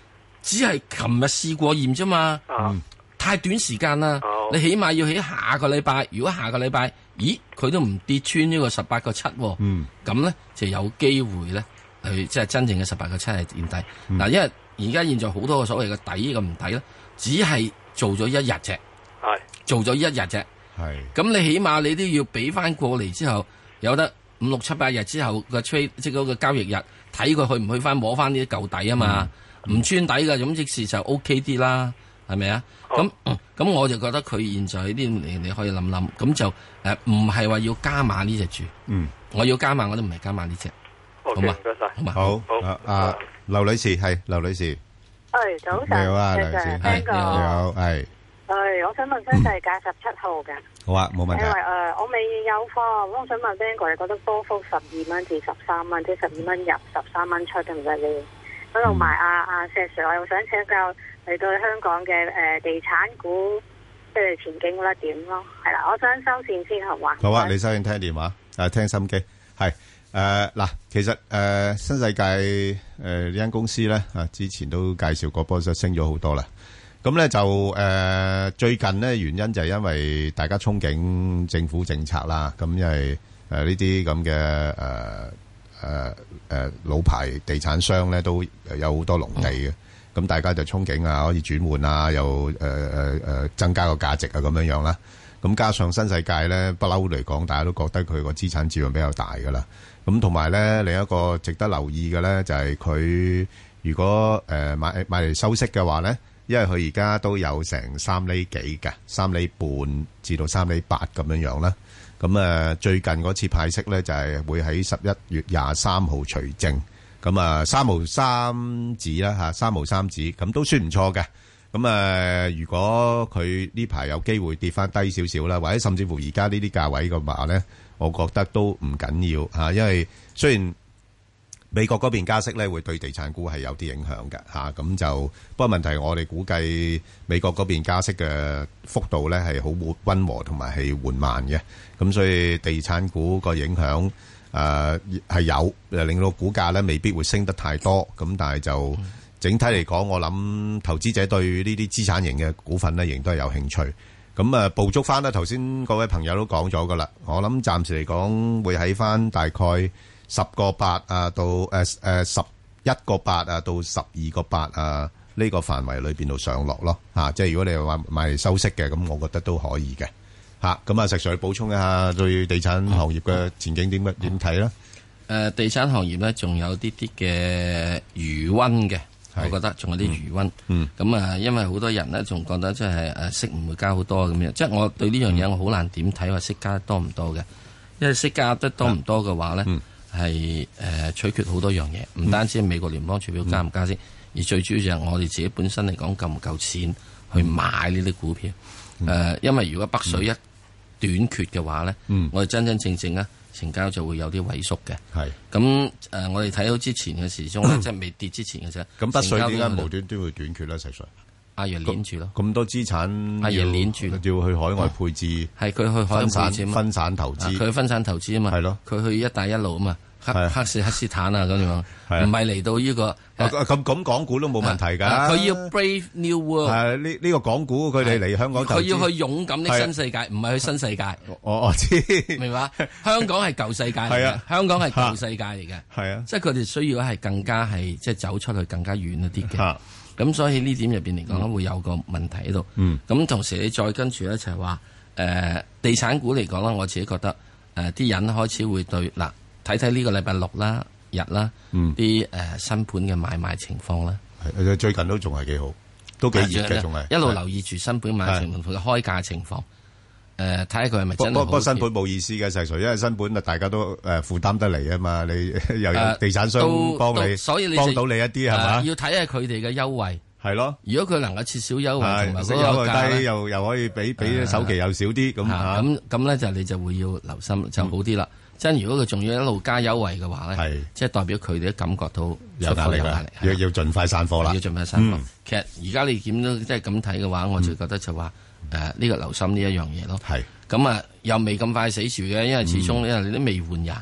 只係琴日試過驗啫嘛，啊、太短時間啦。啊、你起碼要喺下個禮拜。如果下個禮拜，咦，佢都唔跌穿呢個十八個七，咁、嗯、呢，就有機會呢，佢即係真正嘅十八個七係底。嗱、嗯，因為而家現在好多個所謂嘅底嘅唔抵，咧，只係做咗一日啫，是做咗一日啫。係，咁你起碼你都要俾翻過嚟之後，有得五六七八日之後嘅即個交易日，睇佢去唔去翻摸翻呢啲舊底啊嘛，唔穿底嘅，咁即時就 OK 啲啦，係咪啊？咁咁我就覺得佢現在呢啲，你你可以諗諗，咁就誒唔係話要加碼呢隻住，嗯，我要加碼我都唔係加碼呢隻，好嘛？唔該晒，好嘛？好，啊劉女士係劉女士，係早晨，你好啊，劉女士，你你好，係。我想問新世界十七號嘅，好啊，冇問題，啊。因為誒，我未有貨，咁我想問 Bang 哥，你覺得波幅十二蚊至十三蚊，即係十二蚊入，十三蚊出得唔得咧？咁同埋阿阿 Sir、嗯 Sir 啊啊、我又想請教嚟到香港嘅誒、呃、地產股，即、嗯、係前景咧點咯？係啦，我想收線先好啊。好啊，你收線聽電話，誒聽心機係誒嗱，其實誒、呃、新世界誒呢、呃、間公司咧，啊之前都介紹過波就升咗好多啦。咁咧就誒、呃、最近呢，原因就係因為大家憧憬政府政策啦，咁因為誒呢啲咁嘅誒誒誒老牌地產商咧，都有好多農地嘅，咁、嗯、大家就憧憬啊，可以轉換啊，又誒誒誒增加個價值啊，咁樣樣啦。咁加上新世界咧，不嬲嚟講，大家都覺得佢個資產折讓比較大㗎啦。咁同埋咧，另一個值得留意嘅咧，就係、是、佢如果誒、呃、買買嚟收息嘅話咧。因為佢而家都有成三厘幾嘅，三厘半至到三厘八咁樣樣啦。咁啊，最近嗰次派息呢，就係會喺十一月廿三號除正。咁啊，三毫三子啦嚇，三毫三子咁都算唔錯嘅。咁啊，如果佢呢排有機會跌返低少少啦，或者甚至乎而家呢啲價位嘅話呢，我覺得都唔緊要嚇，因為雖然，美國嗰邊加息咧，會對地產股係有啲影響嘅，嚇咁就。不過問題，我哋估計美國嗰邊加息嘅幅度咧係好溫和同埋係緩慢嘅，咁所以地產股個影響誒係有，令到股價咧未必會升得太多。咁但係就整體嚟講，我諗投資者對呢啲資產型嘅股份咧，仍都係有興趣。咁啊，捕捉翻啦，頭先各位朋友都講咗噶啦，我諗暫時嚟講會喺翻大概。十個八啊，到誒誒十一個八，啊，一個八啊，到十二個八啊，呢、這個範圍裏邊度上落咯嚇、啊。即係如果你話買收息嘅，咁我覺得都可以嘅嚇。咁啊，啊，石 Sir 補充一下對地產行業嘅前景點乜睇啦？誒，地產行業咧，仲有啲啲嘅餘温嘅，我覺得仲有啲餘温。嗯，咁啊、嗯，因為好多人咧，仲覺得即係誒息唔會加好多咁樣，即、就、係、是、我對呢樣嘢我好難點睇話息加得多唔多嘅，因為息加得多唔多嘅話咧。係誒、呃、取決好多樣嘢，唔、嗯、單止美國聯邦儲備加唔加先，嗯嗯、而最主要就係我哋自己本身嚟講夠唔夠錢去買呢啲股票誒、嗯呃，因為如果北水一短缺嘅話咧，嗯、我哋真真正正咧、啊、成交就會有啲萎縮嘅。係咁誒，我哋睇到之前嘅時鐘 即係未跌之前嘅啫。咁、嗯、北水點解無端端會短缺咧？石水。阿爺攣住咯，咁多資產，阿爺攣住，佢要去海外配置，係佢去分散，分散投資，佢去分散投資啊嘛，係咯，佢去一帶一路啊嘛，哈哈薩克斯坦啊咁樣，唔係嚟到呢個咁咁港股都冇問題噶，佢要 brave new world，呢呢個港股佢哋嚟香港，佢要去勇敢啲新世界，唔係去新世界，我我知，明白，香港係舊世界嚟嘅，香港係舊世界嚟嘅，係啊，即係佢哋需要係更加係即係走出去更加遠一啲嘅。咁所以呢點入邊嚟講咧，會有個問題喺度。咁、嗯、同時你再跟住就係話，誒、呃、地產股嚟講咧，我自己覺得誒啲、呃、人開始會對嗱，睇睇呢個禮拜六啦、日啦，啲誒、嗯、新盤嘅買賣情況咧、嗯，最近都仲係幾好，都幾熱嘅，仲係一路留意住新盤買賣情況同嘅開價情況。誒，睇下佢係咪真係好？不過新盤冇意思嘅，就係誰？因為新盤啊，大家都誒負擔得嚟啊嘛，你又有地產商幫你，所以你幫到你一啲係嘛？要睇下佢哋嘅優惠，係咯。如果佢能夠設少優惠同埋嗰個價，又又可以俾俾首期又少啲咁啊。咁咁咧就你就會要留心就好啲啦。真如果佢仲要一路加優惠嘅話咧，即係代表佢哋都感覺到有壓力啦，要要盡快散貨啦，要盡快散貨。其實而家你點都即係咁睇嘅話，我就覺得就話誒呢個留心呢一樣嘢咯。係咁啊，又未咁快死住嘅，因為始終因為你都未換人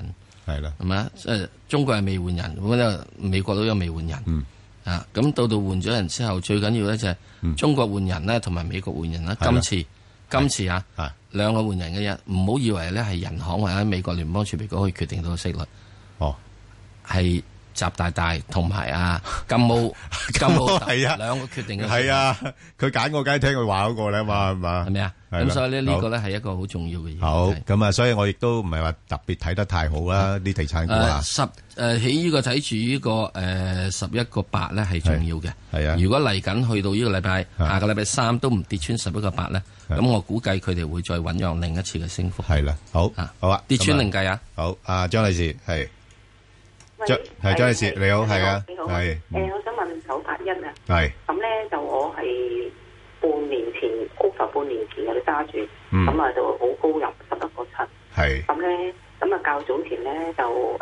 係啦，係嘛？即係中國係未換人，我覺得美國都有未換人。嗯啊，咁到到換咗人之後，最緊要咧就係中國換人咧，同埋美國換人啦。今次。今次啊，是兩個換人嘅人，唔好是以為咧係人行或者美國聯邦儲備局可以決定到個息率。哦，係。習大大同埋啊金毛，金毛係啊，兩個決定嘅係啊，佢揀個梗係聽佢話嗰個啦嘛，係嘛係咪啊？咁所以咧呢個咧係一個好重要嘅嘢。好咁啊，所以我亦都唔係話特別睇得太好啦，啲地產股啊十誒，喺呢個睇住呢個誒十一個八咧係重要嘅。係啊，如果嚟緊去到呢個禮拜，下個禮拜三都唔跌穿十一個八咧，咁我估計佢哋會再醞釀另一次嘅升幅。係啦，好好啊，跌穿另計啊？好，阿張女士係。張係張女士，你好，係啊，係。誒，我想問九八一啊。係。咁咧就我係半年前 over 半年前有揸住，咁啊就好高入十一個七。係。咁咧咁啊，較早前咧就誒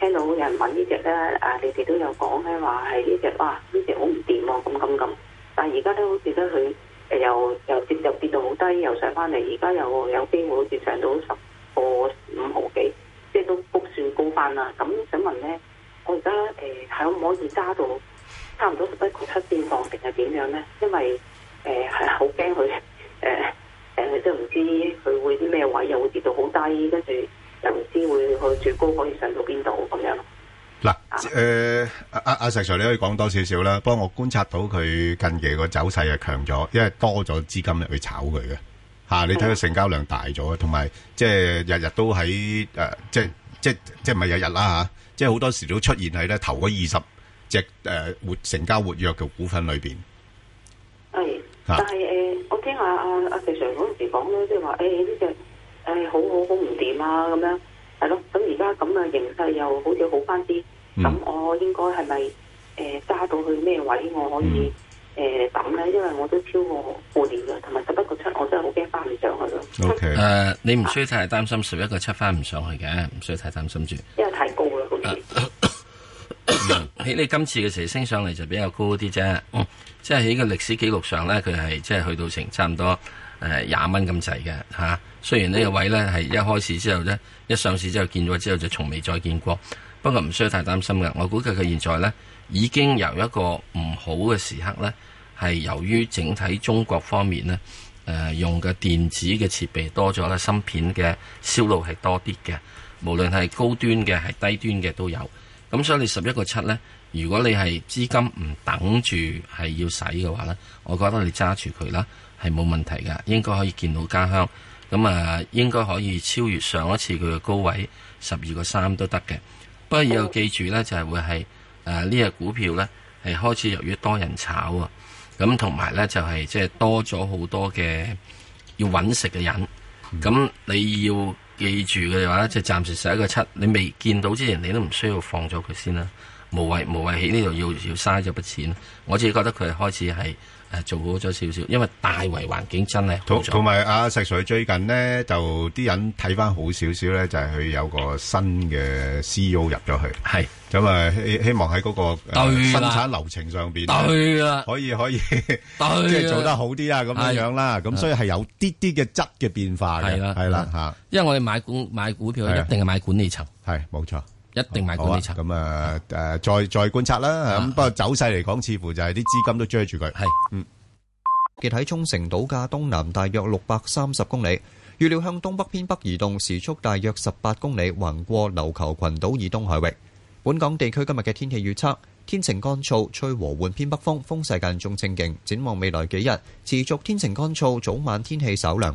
聽到有人問呢隻咧，啊，你哋都有講咧話係呢隻哇呢隻好唔掂喎，咁咁咁。但係而家都好似咧佢又又跌又跌到好低，又上翻嚟，而家又有機會好似上到十個五毫幾。即係都卜算高翻啦，咁、嗯、想問咧，我而家誒，可、呃、唔可以加到差唔多十一個七先放，定係點樣咧？因為誒係好驚佢誒誒，即係唔知佢會啲咩位又會跌到好低，跟住又唔知會去最高可以上到邊度咁樣。嗱嘍，誒阿阿石 Sir，你可以講多少少啦，不過我觀察到佢近期個走勢係強咗，因為多咗資金入去炒佢嘅。吓，你睇到成交量大咗，同埋即係日日都喺誒、呃，即係即係即係唔係日日啦吓、啊，即係好多時都出現喺咧頭嗰二十隻誒活成交活躍嘅股份裏邊。係是，啊、但係誒、呃，我聽阿阿阿肥常嗰陣時講咧，即係話誒呢隻誒好好好唔掂啊咁樣，係咯，咁而家咁嘅形勢又好似好返啲，咁、嗯、我應該係咪誒揸到去咩位我可以？嗯誒咁咧，因為我都超過半年嘅，同埋十一個七，我真係好驚翻唔上去咯。O K，誒，你唔需要太擔心十一個七翻唔上去嘅，唔需要太擔心住。因為太高啦，好似，喺你今次嘅時升上嚟就比較高啲啫、嗯，即係喺個歷史記錄上咧，佢係即係去到成差唔多誒廿蚊咁滯嘅嚇。雖然呢個位咧係一開始之後咧，一上市之後見咗之後就從未再見過，不過唔需要太擔心嘅。我估計佢現在咧。嗯嗯已經由一個唔好嘅時刻呢，係由於整體中國方面呢誒、呃、用嘅電子嘅設備多咗咧，芯片嘅銷路係多啲嘅。無論係高端嘅係低端嘅都有。咁所以你十一個七呢，如果你係資金唔等住係要使嘅話呢，我覺得你揸住佢啦，係冇問題嘅，應該可以見到家鄉。咁啊、呃，應該可以超越上一次佢嘅高位十二個三都得嘅。不過要後記住呢，就係、是、會係。誒呢隻股票咧係開始由於多人炒啊，咁同埋咧就係即係多咗好多嘅要揾食嘅人，咁、嗯、你要記住嘅話，即、就、係、係、暫時十一個七，你未見到之前，你都唔需要放咗佢先啦，無謂無謂喺呢度要要嘥咗筆錢。我自己覺得佢係開始係。誒，做好咗少少，因為大圍環境真係好，同埋阿石水最近咧，就啲人睇翻好少少咧，就係佢有個新嘅 CEO 入咗去，係咁啊，希希望喺嗰個生產流程上邊對啦，可以可以，即係做得好啲啊，咁樣樣啦，咁所以係有啲啲嘅質嘅變化嘅係啦，係啦吓，因為我哋買股買股票一定係買管理層，係冇錯。一定買嗰啲測，咁啊誒，再再觀察啦。咁不過走勢嚟講，似乎就係啲資金都追住佢。係，嗯。結喺沖繩島架東南，大約六百三十公里，預料向東北偏北移動，時速大約十八公里，橫過琉球群島以東海域。本港地區今日嘅天氣預測：天晴乾燥，吹和緩偏北風，風勢間中清勁。展望未來幾日，持續天晴乾燥，早晚天氣稍涼。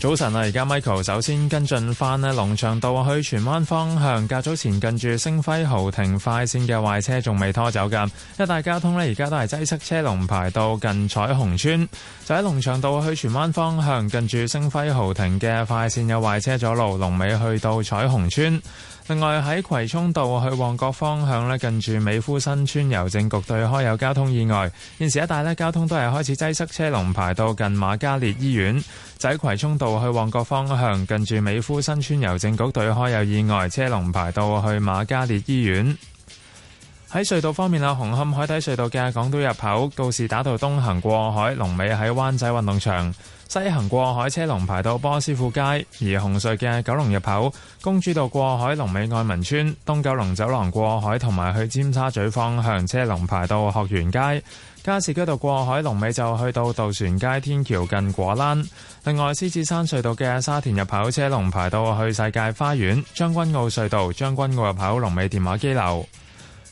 早晨啊，而家 Michael 首先跟進返呢龍翔道去荃灣方向，較早前近住星輝豪庭快線嘅壞車仲未拖走㗎，一帶交通呢，而家都係擠塞，車龍排到近彩虹村，就喺龍翔道去荃灣方向近住星輝豪庭嘅快線有壞車阻路，龍尾去到彩虹村。另外喺葵涌道去旺角方向咧，近住美孚新村郵政局對開有交通意外，現時一帶咧，交通都係開始擠塞，車龍排到近瑪嘉烈醫院。就喺葵涌道去旺角方向，近住美孚新村郵政局對開有意外，車龍排到去瑪嘉烈醫院。喺隧道方面啦，紅磡海底隧道嘅港島入口告士打道東行過海，龍尾喺灣仔運動場。西行過海車龍排到波斯富街，而紅隧嘅九龍入口、公主道過海龍尾愛民村、東九龍走廊過海同埋去尖沙咀方向車龍排到學園街、加士居道過海龍尾就去到渡船街天橋近果欄。另外，獅子山隧道嘅沙田入口車龍排到去世界花園、將軍澳隧道將軍澳入口龍尾電話機樓。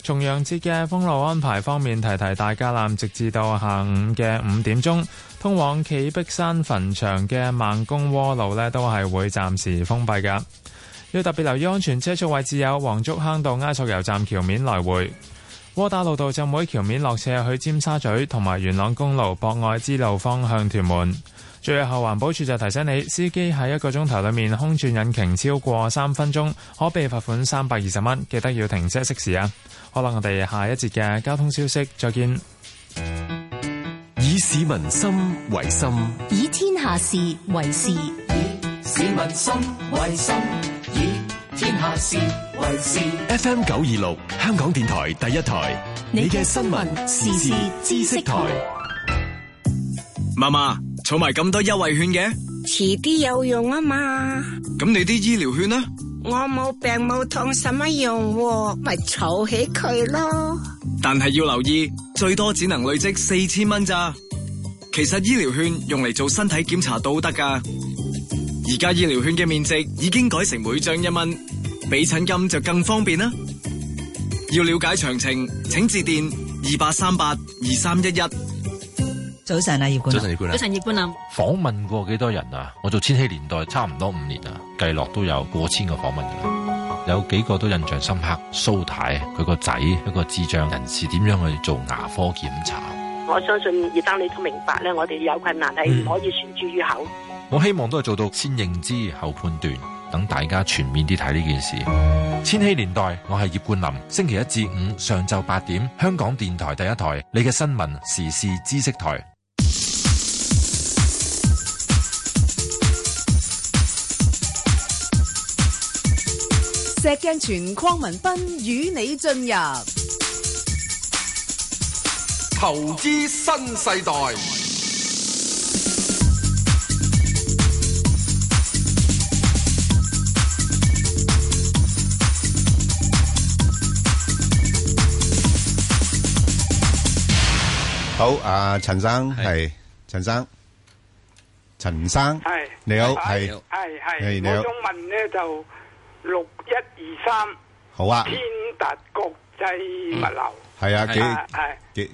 重陽節嘅封路安排方面，提提大家啦，直至到下午嘅五點鐘。通往企壁山墳場嘅慢工窩路呢，都係會暫時封閉嘅。要特別留意安全車速位置，有黃竹坑道埃索油站橋面來回、窩打老道浸會橋面落斜去尖沙咀，同埋元朗公路博愛之路方向屯門。最後，環保署就提醒你，司機喺一個鐘頭裏面空轉引擎超過三分鐘，可被罰款三百二十蚊。記得要停車熄匙啊！好啦，我哋下一節嘅交通消息再見。以市民心為心，以天下事為事。以市民心為心，以天下事為事。F M 九二六，香港電台第一台。你嘅新聞、時事、知識台。媽媽儲埋咁多優惠券嘅，遲啲有用啊嘛。咁你啲醫療券呢？我冇病冇痛，使乜用、啊？咪儲起佢咯。但係要留意，最多只能累積四千蚊咋。其實醫療券用嚟做身體檢查都得噶，而家醫療券嘅面值已經改成每張一蚊，俾診金就更方便啦。要了解詳情，請致電二八三八二三一一。早晨，啊，葉冠。早晨葉早晨，葉冠林。訪問過幾多人啊？我做千禧年代差唔多五年啊，計落都有過千個訪問噶啦，有幾個都印象深刻。蘇太佢個仔一個智障人士，點樣去做牙科檢查？我相信葉丹你都明白咧，我哋有困難係唔可以宣之於口。嗯、我希望都係做到先認知後判斷，等大家全面啲睇呢件事。千禧年代，我係葉冠林。星期一至五上晝八點，香港電台第一台，你嘅新聞時事知識台。石鏡泉、鄺民彬與你進入投資新世代。好啊，陳生係陳生，陳生係你好，係係你好，中文呢就六一二三，好啊，天達國際物流，係啊幾係幾。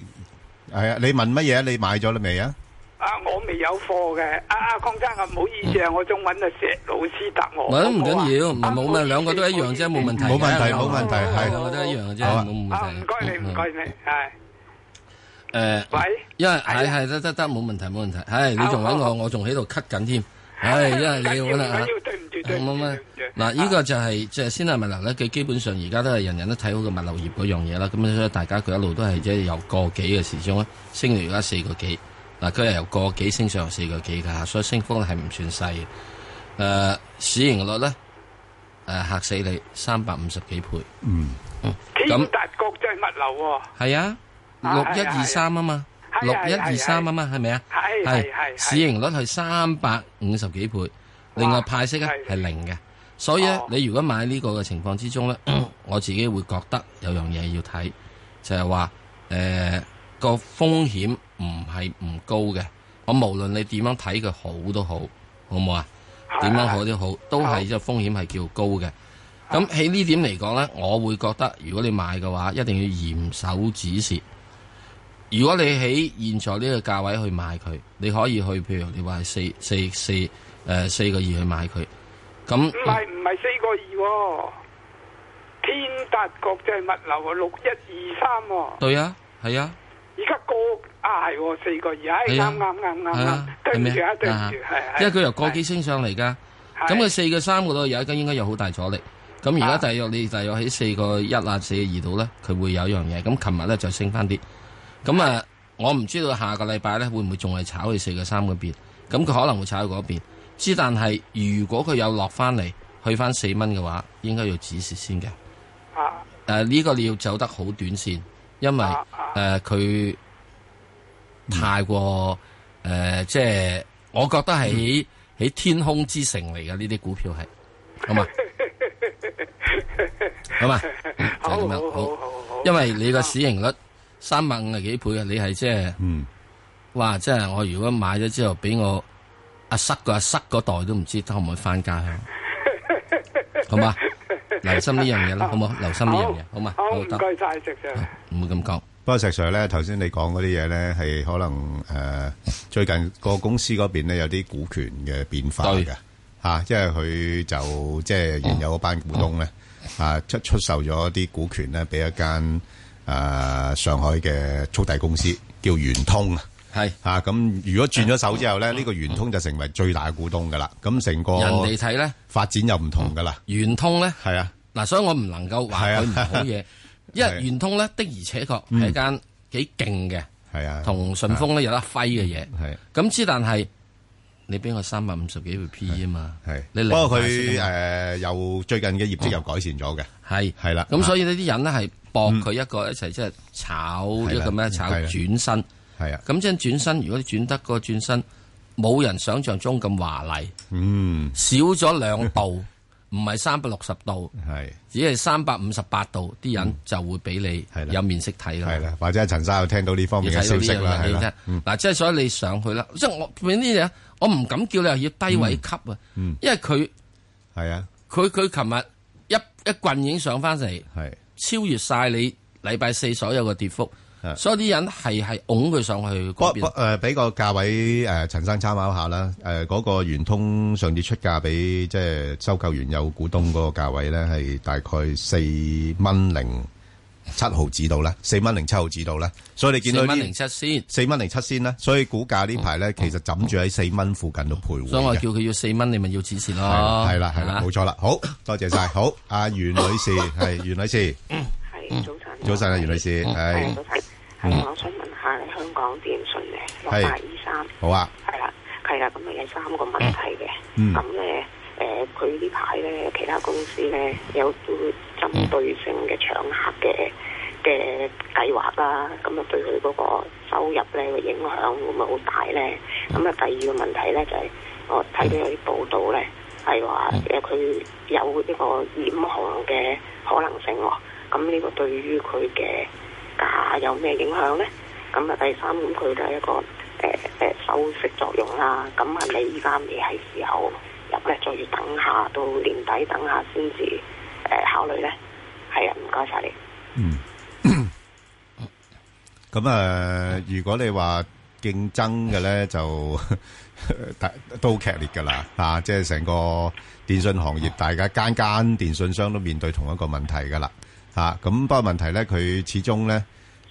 係啊，你問乜嘢？你買咗啦未啊？啊，我未有貨嘅。啊，阿鄺生，唔好意思啊，我仲搵阿石老師答我。唔緊要，唔冇咩，兩個都一樣啫，冇問題，冇問題，冇問題，係，我都一樣嘅啫，冇問題。唔該你，唔該你，係。誒，喂，因為係係得得得，冇問題冇問題，係你仲搵我，我仲喺度咳緊添。係， 因為你要啦 啊，唔好咩？嗱，呢個就係、是、即係先係物流咧。佢基本上而家都係人人都睇好個物流業嗰樣嘢啦。咁、啊、所以大家佢一路都係即係由個幾嘅時鐘咧升到而家四個幾。嗱、啊，佢係由個幾升上四個幾噶、啊，所以升幅係唔算細嘅。誒、啊，市盈率咧，誒、啊、嚇死你，三百五十幾倍。嗯，咁但係國際物流係、哦、啊，六一二三啊嘛。六一二三啊嘛，係咪啊？係係市盈率係三百五十幾倍，另外派息咧係零嘅，所以咧你如果買呢個嘅情況之中咧，我自己會覺得有樣嘢要睇，就係話誒個風險唔係唔高嘅，我無論你點樣睇佢好都好，好唔好啊？點樣好都好，都係即係風險係叫高嘅。咁喺呢點嚟講咧，我會覺得如果你買嘅話，一定要嚴守指示。如果你喺現在呢個價位去買佢，你可以去，譬如你話四四四誒四個二去買佢咁，唔係唔係四個二喎，天達國際物流啊六一二三喎，對啊，係啊，而家個啊係四個二，係啱啱啱啱啱跟住一跟住係因為佢由個幾升上嚟噶，咁佢四個三嗰度有一間應該有好大阻力。咁而家大約你大約喺四個一啊四個二度咧，佢會有樣嘢。咁琴日咧就升翻啲。咁、vale、啊，我唔知道下個禮拜咧，會唔會仲係炒去四個三嗰邊？咁佢可能會炒去嗰邊。之但係，如果佢有落翻嚟，去翻四蚊嘅話，應該要止蝕先嘅。誒，呢個你要走得好短線，因為誒佢太過誒，即係我覺得係喺天空之城嚟嘅呢啲股票係。好嘛，好嘛，就咁樣好。因為你個市盈率。三百五十幾倍啊！你係即係，嗯、哇！即係我如果買咗之後，俾我阿塞個阿塞嗰代都唔知得可唔可以翻家鄉， 好嘛？留心呢樣嘢啦，好唔好？留心呢樣嘢，好嘛、嗯？好唔該晒石 Sir，唔會咁講，不過石 Sir 咧，頭先你講嗰啲嘢咧，係可能誒、呃，最近個公司嗰邊咧有啲股權嘅變化嘅吓 對、啊，因為佢就即係原有嗰班股東咧吓出出售咗啲股權咧俾一間。誒，上海嘅速遞公司叫圓通啊，係啊，咁如果轉咗手之後咧，呢個圓通就成為最大股東噶啦，咁成個人哋睇咧發展又唔同噶啦。圓通咧係啊，嗱，所以我唔能夠話佢唔好嘢，因為圓通咧的而且確係一間幾勁嘅，係啊，同順豐咧有得揮嘅嘢，係。咁之但係你俾我三百五十幾倍 P 啊嘛，係。不過佢誒又最近嘅業績又改善咗嘅，係係啦。咁所以呢啲人咧係。搏佢一個一齊即係炒一個咩炒轉身，咁即係轉身。如果你轉得個轉身冇人想像中咁華麗，少咗兩度，唔係三百六十度，係只係三百五十八度，啲人就會俾你有面色睇啦。係啦，或者陳生有聽到呢方面嘅消息啦。嗱，即係所以你上去啦，即係我變呢啲嘢，我唔敢叫你要低位吸啊，因為佢係啊，佢佢琴日一一棍影上翻嚟。超越晒你禮拜四所有嘅跌幅，所以啲人係係擁佢上去不。不不誒，俾、呃、個價位誒、呃，陳生參考下啦。誒、呃，嗰、嗰個圓通上次出價俾即係收購原有股東嗰個價位咧，係大概四蚊零七毫子度咧，四蚊零七毫子度咧，所以你見到呢四蚊零七先，四蚊零七先啦，所以股價呢排咧其實枕住喺四蚊附近度徘徊。所以我叫佢要四蚊，你咪要止線咯。係啦係啦，冇錯啦。好多謝晒，好，阿袁女士係袁女士，係早晨，早晨啊袁女士，係。係我想問下你香港電訊咧，六八二三，好啊，係啦，係啦，咁啊有三個問題嘅，咁咧。誒佢呢排咧，其他公司咧有做針對性嘅搶客嘅嘅計劃啦，咁啊對佢嗰個收入咧嘅影響會唔會好大咧？咁啊第二個問題咧就係，我睇到有啲報道咧係話誒佢有呢個染紅嘅可能性喎，咁呢個對於佢嘅價有咩影響咧？咁啊第三，咁佢就係一個誒誒收息作用啦，咁係咪依家未係時候？咧，就要等下到年底，等下先至誒考慮咧。係啊，唔該晒你。嗯，咁啊，如果你話競爭嘅咧，就 都劇烈噶啦啊！即係成個電信行業，大家間間電信商都面對同一個問題噶啦啊！咁不過問題咧，佢始終咧。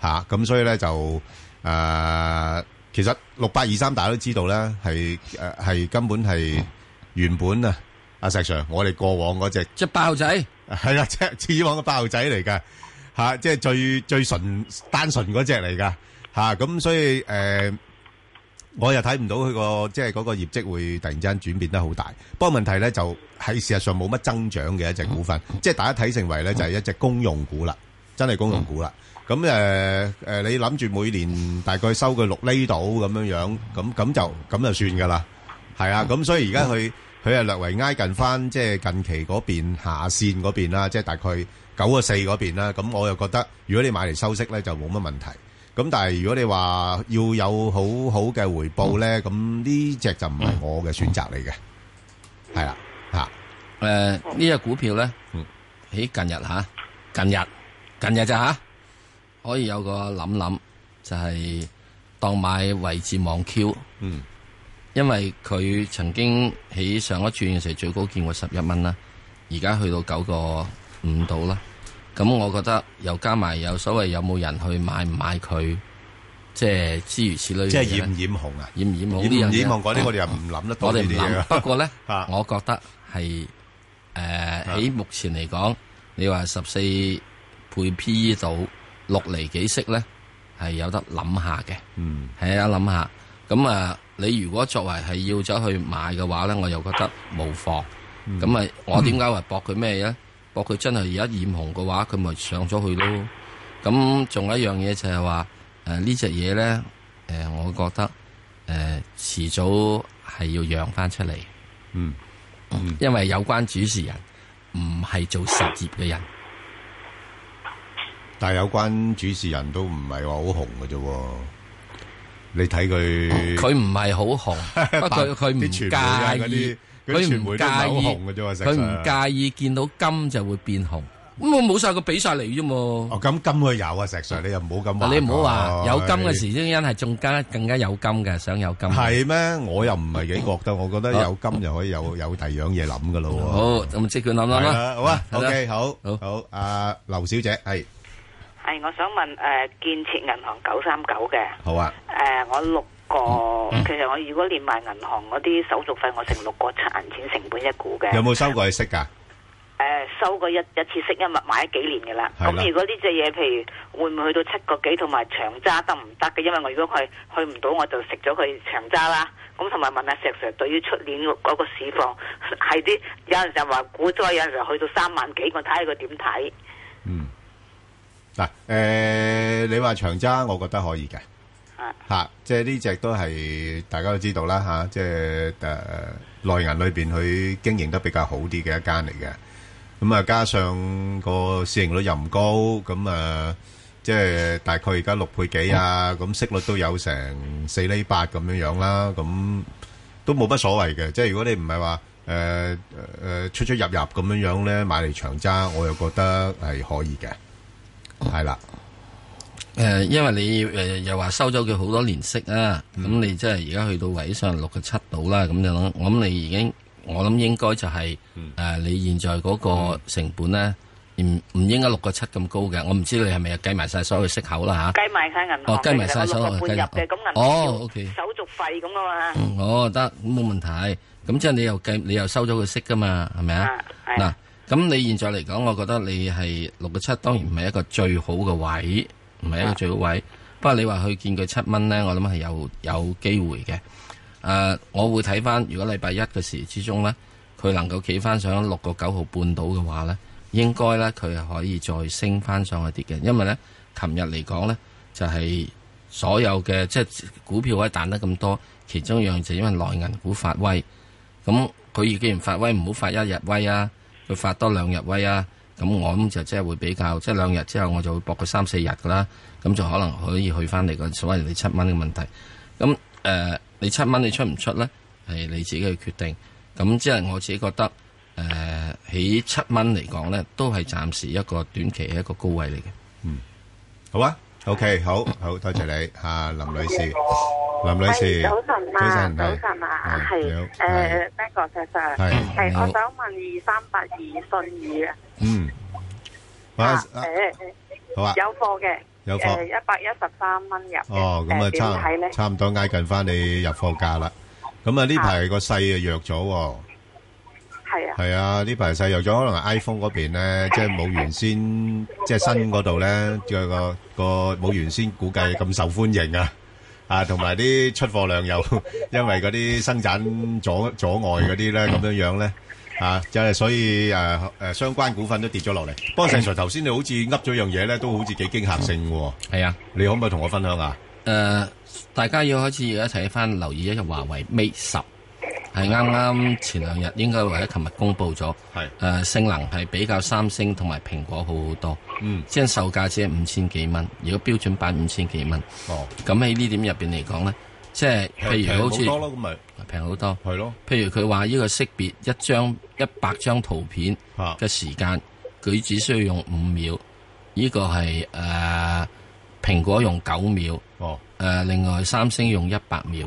吓咁、啊嗯，所以咧就誒、呃，其實六八二三，大家都知道咧，係誒係根本係原本啊。阿石 Sir，我哋過往嗰隻即係八號仔係啦，即係以往嘅八號仔嚟嘅吓，即係最最純單純嗰隻嚟噶吓。咁、啊、所以誒、呃，我又睇唔到佢個即係嗰個業績會突然之間轉變得好大。不過問題咧，就喺事實上冇乜增長嘅一隻股份，嗯、即係大家睇成為咧、嗯、就係一隻公用股啦，真係公用股啦。嗯咁誒誒，你諗住每年大概收佢六厘到咁樣樣，咁咁就咁就算噶啦，係啊。咁所以而家佢佢係略為挨近翻，即係近期嗰邊下線嗰邊啦，即係大概九個四嗰邊啦。咁我又覺得，如果你買嚟收息咧，就冇乜問題。咁但係如果你話要有好好嘅回報咧，咁呢隻就唔係我嘅選擇嚟嘅，係啦嚇。誒呢隻股票咧，喺近日嚇，近日近日就嚇。可以有個諗諗，就係、是、當買位置網 Q，嗯，因為佢曾經喺上一轉嘅時候最高見過十一蚊啦，而家去到九個五度啦。咁我覺得又加埋有所謂有冇人去買唔買佢，即係諸如此類。即係染唔染紅啊？染唔染紅呢樣？染紅嗰啲我哋又唔諗得到，啊。我哋諗不, 不過咧，我覺得係誒喺目前嚟講，你話十四倍 P E 度。六厘幾息咧，係有得諗下嘅，係啊諗下。咁啊，你如果作為係要走去買嘅話咧，我又覺得冇妨。咁、嗯、啊，我點解話博佢咩咧？博佢真係而家染紅嘅話，佢咪上咗去咯。咁仲有一樣嘢就係話，誒呢隻嘢咧，誒我覺得誒、呃、遲早係要養翻出嚟、嗯。嗯，因為有關主持人唔係做實業嘅人。但係有關主持人都唔係話好紅嘅啫，你睇佢佢唔係好紅，不過佢唔介意，佢唔介意扭紅嘅啫。佢唔介意見到金就會變紅，咁我冇晒個比賽嚟啫嘛。哦，咁金佢有啊，石 Sir，你又唔好咁。你唔好話有金嘅時因係仲加更加有金嘅想有金。係咩？我又唔係幾覺得，我覺得有金就可以有有第二樣嘢諗嘅咯。好，咁即管諗諗啦。好啊，OK，好好好，阿劉小姐係。係、哎，我想問誒、呃，建設銀行九三九嘅，好啊。誒、呃，我六個，嗯嗯，其實我如果連埋銀行嗰啲手續費，我成六個七銀錢成本一股嘅。 有冇收過佢息噶？誒、呃，收過一一次息，一物買咗幾年噶啦。咁的如果呢隻嘢，譬如會唔會去到七個幾同埋長揸得唔得嘅？因為我如果去去唔到，我就食咗佢長揸啦。咁同埋問下，啊，石 Sir，對於出年嗰個市況係啲，有陣就話股災，有陣就去到三萬幾，我睇下佢點睇。嗯。嗱，誒、啊呃，你話長揸，我覺得可以嘅，吓、啊，即係呢隻都係大家都知道啦，吓、啊，即係誒內銀裏邊佢經營得比較好啲嘅一間嚟嘅，咁、嗯、啊，加上個市盈率又唔高，咁、嗯呃、啊，即係大概而家六倍幾啊，咁息率都有成四厘八咁樣樣啦，咁、嗯、都冇乜所謂嘅，即係如果你唔係話誒誒出出入入咁樣樣咧，買嚟長揸，我又覺得係可以嘅。係啦，誒、呃，因為你誒又話收咗佢好多年息啊，咁、嗯嗯嗯、你即係而家去到位上六個七度啦，咁就諗，我諗你已經，我諗應該就係、是、誒、呃，你現在嗰個成本咧，唔唔應該六個七咁高嘅，我唔知你係咪又計埋晒所有息口啦吓，計埋晒銀行，哦，計埋晒所有嘅，咁銀行要手續費咁啊嘛，哦，得，冇問題，咁即係你又計，你又收咗佢息噶嘛，係咪啊？嗱。咁你現在嚟講，我覺得你係六個七，當然唔係一個最好嘅位，唔係一個最好位。不過你話去見佢七蚊呢，我諗係有有機會嘅。誒，uh，我會睇翻，如果禮拜一嘅時之中呢，佢能夠企翻上六個九毫半度嘅話呢，應該呢，佢係可以再升翻上一啲嘅，因為呢，琴日嚟講呢，就係、係、所有嘅即係股票位彈得咁多，其中一樣就因為內銀股發威。咁佢既然發威，唔好發一日威啊！佢發多兩日威啊！咁我咁就即係會比較，即係兩日之後我就會博佢三四日噶啦，咁就可能可以去翻嚟個所謂你七蚊嘅問題。咁誒，你七蚊你出唔出呢？係你自己嘅決定。咁即係我自己覺得誒，喺七蚊嚟講呢，都係暫時一個短期一個高位嚟嘅。嗯，好啊。OK，好，好，多謝你，阿林女士。林女士，早晨啊，早晨啊，係，誒，thank you，謝謝，係，係，我想問二三八二舜宇啊，嗯，好啊，誒，好啊，有貨嘅，有貨，一百一十三蚊入，哦，咁啊差，差唔多挨近翻你入貨價啦，咁啊呢排個細啊弱咗，係啊，係啊，呢排細弱咗，可能 iPhone 嗰邊咧，即係冇原先，即係新嗰度咧，有個個冇原先估計咁受歡迎啊。啊，同埋啲出貨量又因為嗰啲生產阻阻礙嗰啲咧，咁樣樣咧，啊，就係、是、所以誒誒、啊啊、相關股份都跌咗落嚟。不過，成才頭先你好似噏咗樣嘢咧，都好似幾驚嚇性嘅喎。啊、嗯，你可唔可以同我分享下？誒、呃，大家要開始要一齊翻留意一下華為 Mate 十。係啱啱前兩日，應該或者琴日公布咗。係誒是、呃，性能係比較三星同埋蘋果好好多。嗯，即係售價只係五千幾蚊，如果標準版五千幾蚊。哦，咁喺呢點入邊嚟講咧，即係譬如好似平好多咯，咁咪平好多，就是、多。係咯的，譬如佢話呢個識別一張一百張圖片嘅時間，佢只、啊、需要用五秒。呢、這個係誒蘋果用九秒。哦。誒，另外三星用一百秒。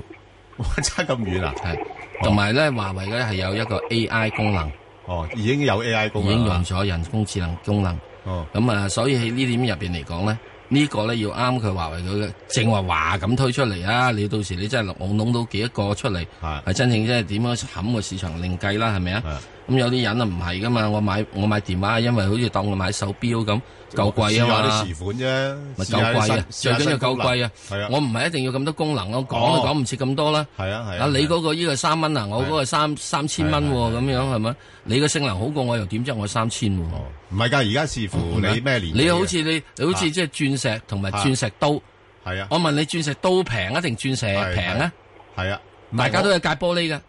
哇、哦， 差咁遠啊！係。 同埋咧，華為咧係有一個 AI 功能，哦，已經有 AI 功能，已經用咗人工智能功能。哦，咁、嗯、啊，所以喺呢點入邊嚟講咧，呢個、呢個咧要啱佢華為佢嘅，正話話咁推出嚟啊！你到時你真係攞攏到幾多個出嚟，係的真正真係點樣冚個市場另計啦，係咪啊？咁有啲人啊唔係噶嘛，我買我買電話，因為好似當我買手表咁，夠貴啊嘛。啲時款啫，咪夠貴啊！最緊要夠貴啊！我唔係一定要咁多功能，我講都講唔切咁多啦。係啊係啊。你嗰個呢個三蚊啊，我嗰個三三千蚊喎，咁樣係咪？你個性能好過我又點知？我三千喎。唔係噶，而家視乎你咩年。你好似你你好似即係鑽石同埋鑽石刀。係啊。我問你鑽石刀平啊定鑽石平咧？係啊，大家都係戒玻璃噶。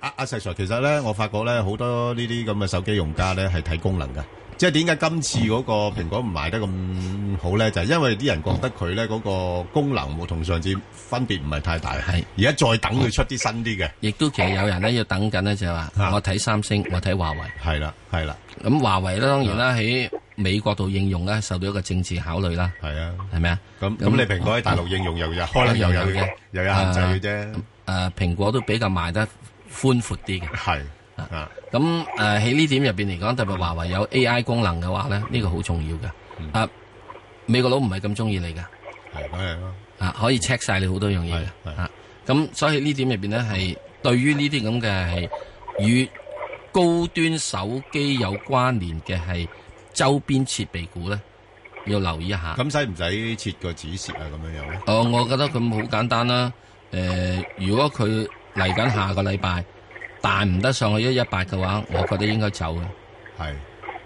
阿阿細 Sir，其實咧，我發覺咧，好多呢啲咁嘅手機用家咧係睇功能㗎，即係點解今次嗰個蘋果唔賣得咁好咧？就係因為啲人覺得佢咧嗰個功能冇同上次分別唔係太大，係。而家再等佢出啲新啲嘅，亦都其實有人咧要等緊咧，就係話我睇三星，我睇華為。係啦，係啦。咁華為咧，當然啦，喺美國度應用咧，受到一個政治考慮啦。係啊，係咪啊？咁咁你蘋果喺大陸應用又有，可能又有嘅，又有限制嘅啫。誒，蘋果都比較賣得寬闊啲嘅係啊，咁誒喺呢點入邊嚟講，特別華為有 AI 功能嘅話咧，呢個好重要嘅。啊，嗯、美國佬唔係咁中意你噶，係咁樣咯。啊，可以 check 晒你好多樣嘢嘅。啊，咁所以點面呢點入邊咧係對於呢啲咁嘅係與高端手機有關聯嘅係周邊設備股咧，要留意一下。咁使唔使設個指示啊？咁樣樣咧？哦，我覺得咁好簡單啦、啊。誒、呃，如果佢。嚟緊下個禮拜，但唔得上去一一八嘅話，我覺得應該走嘅。係。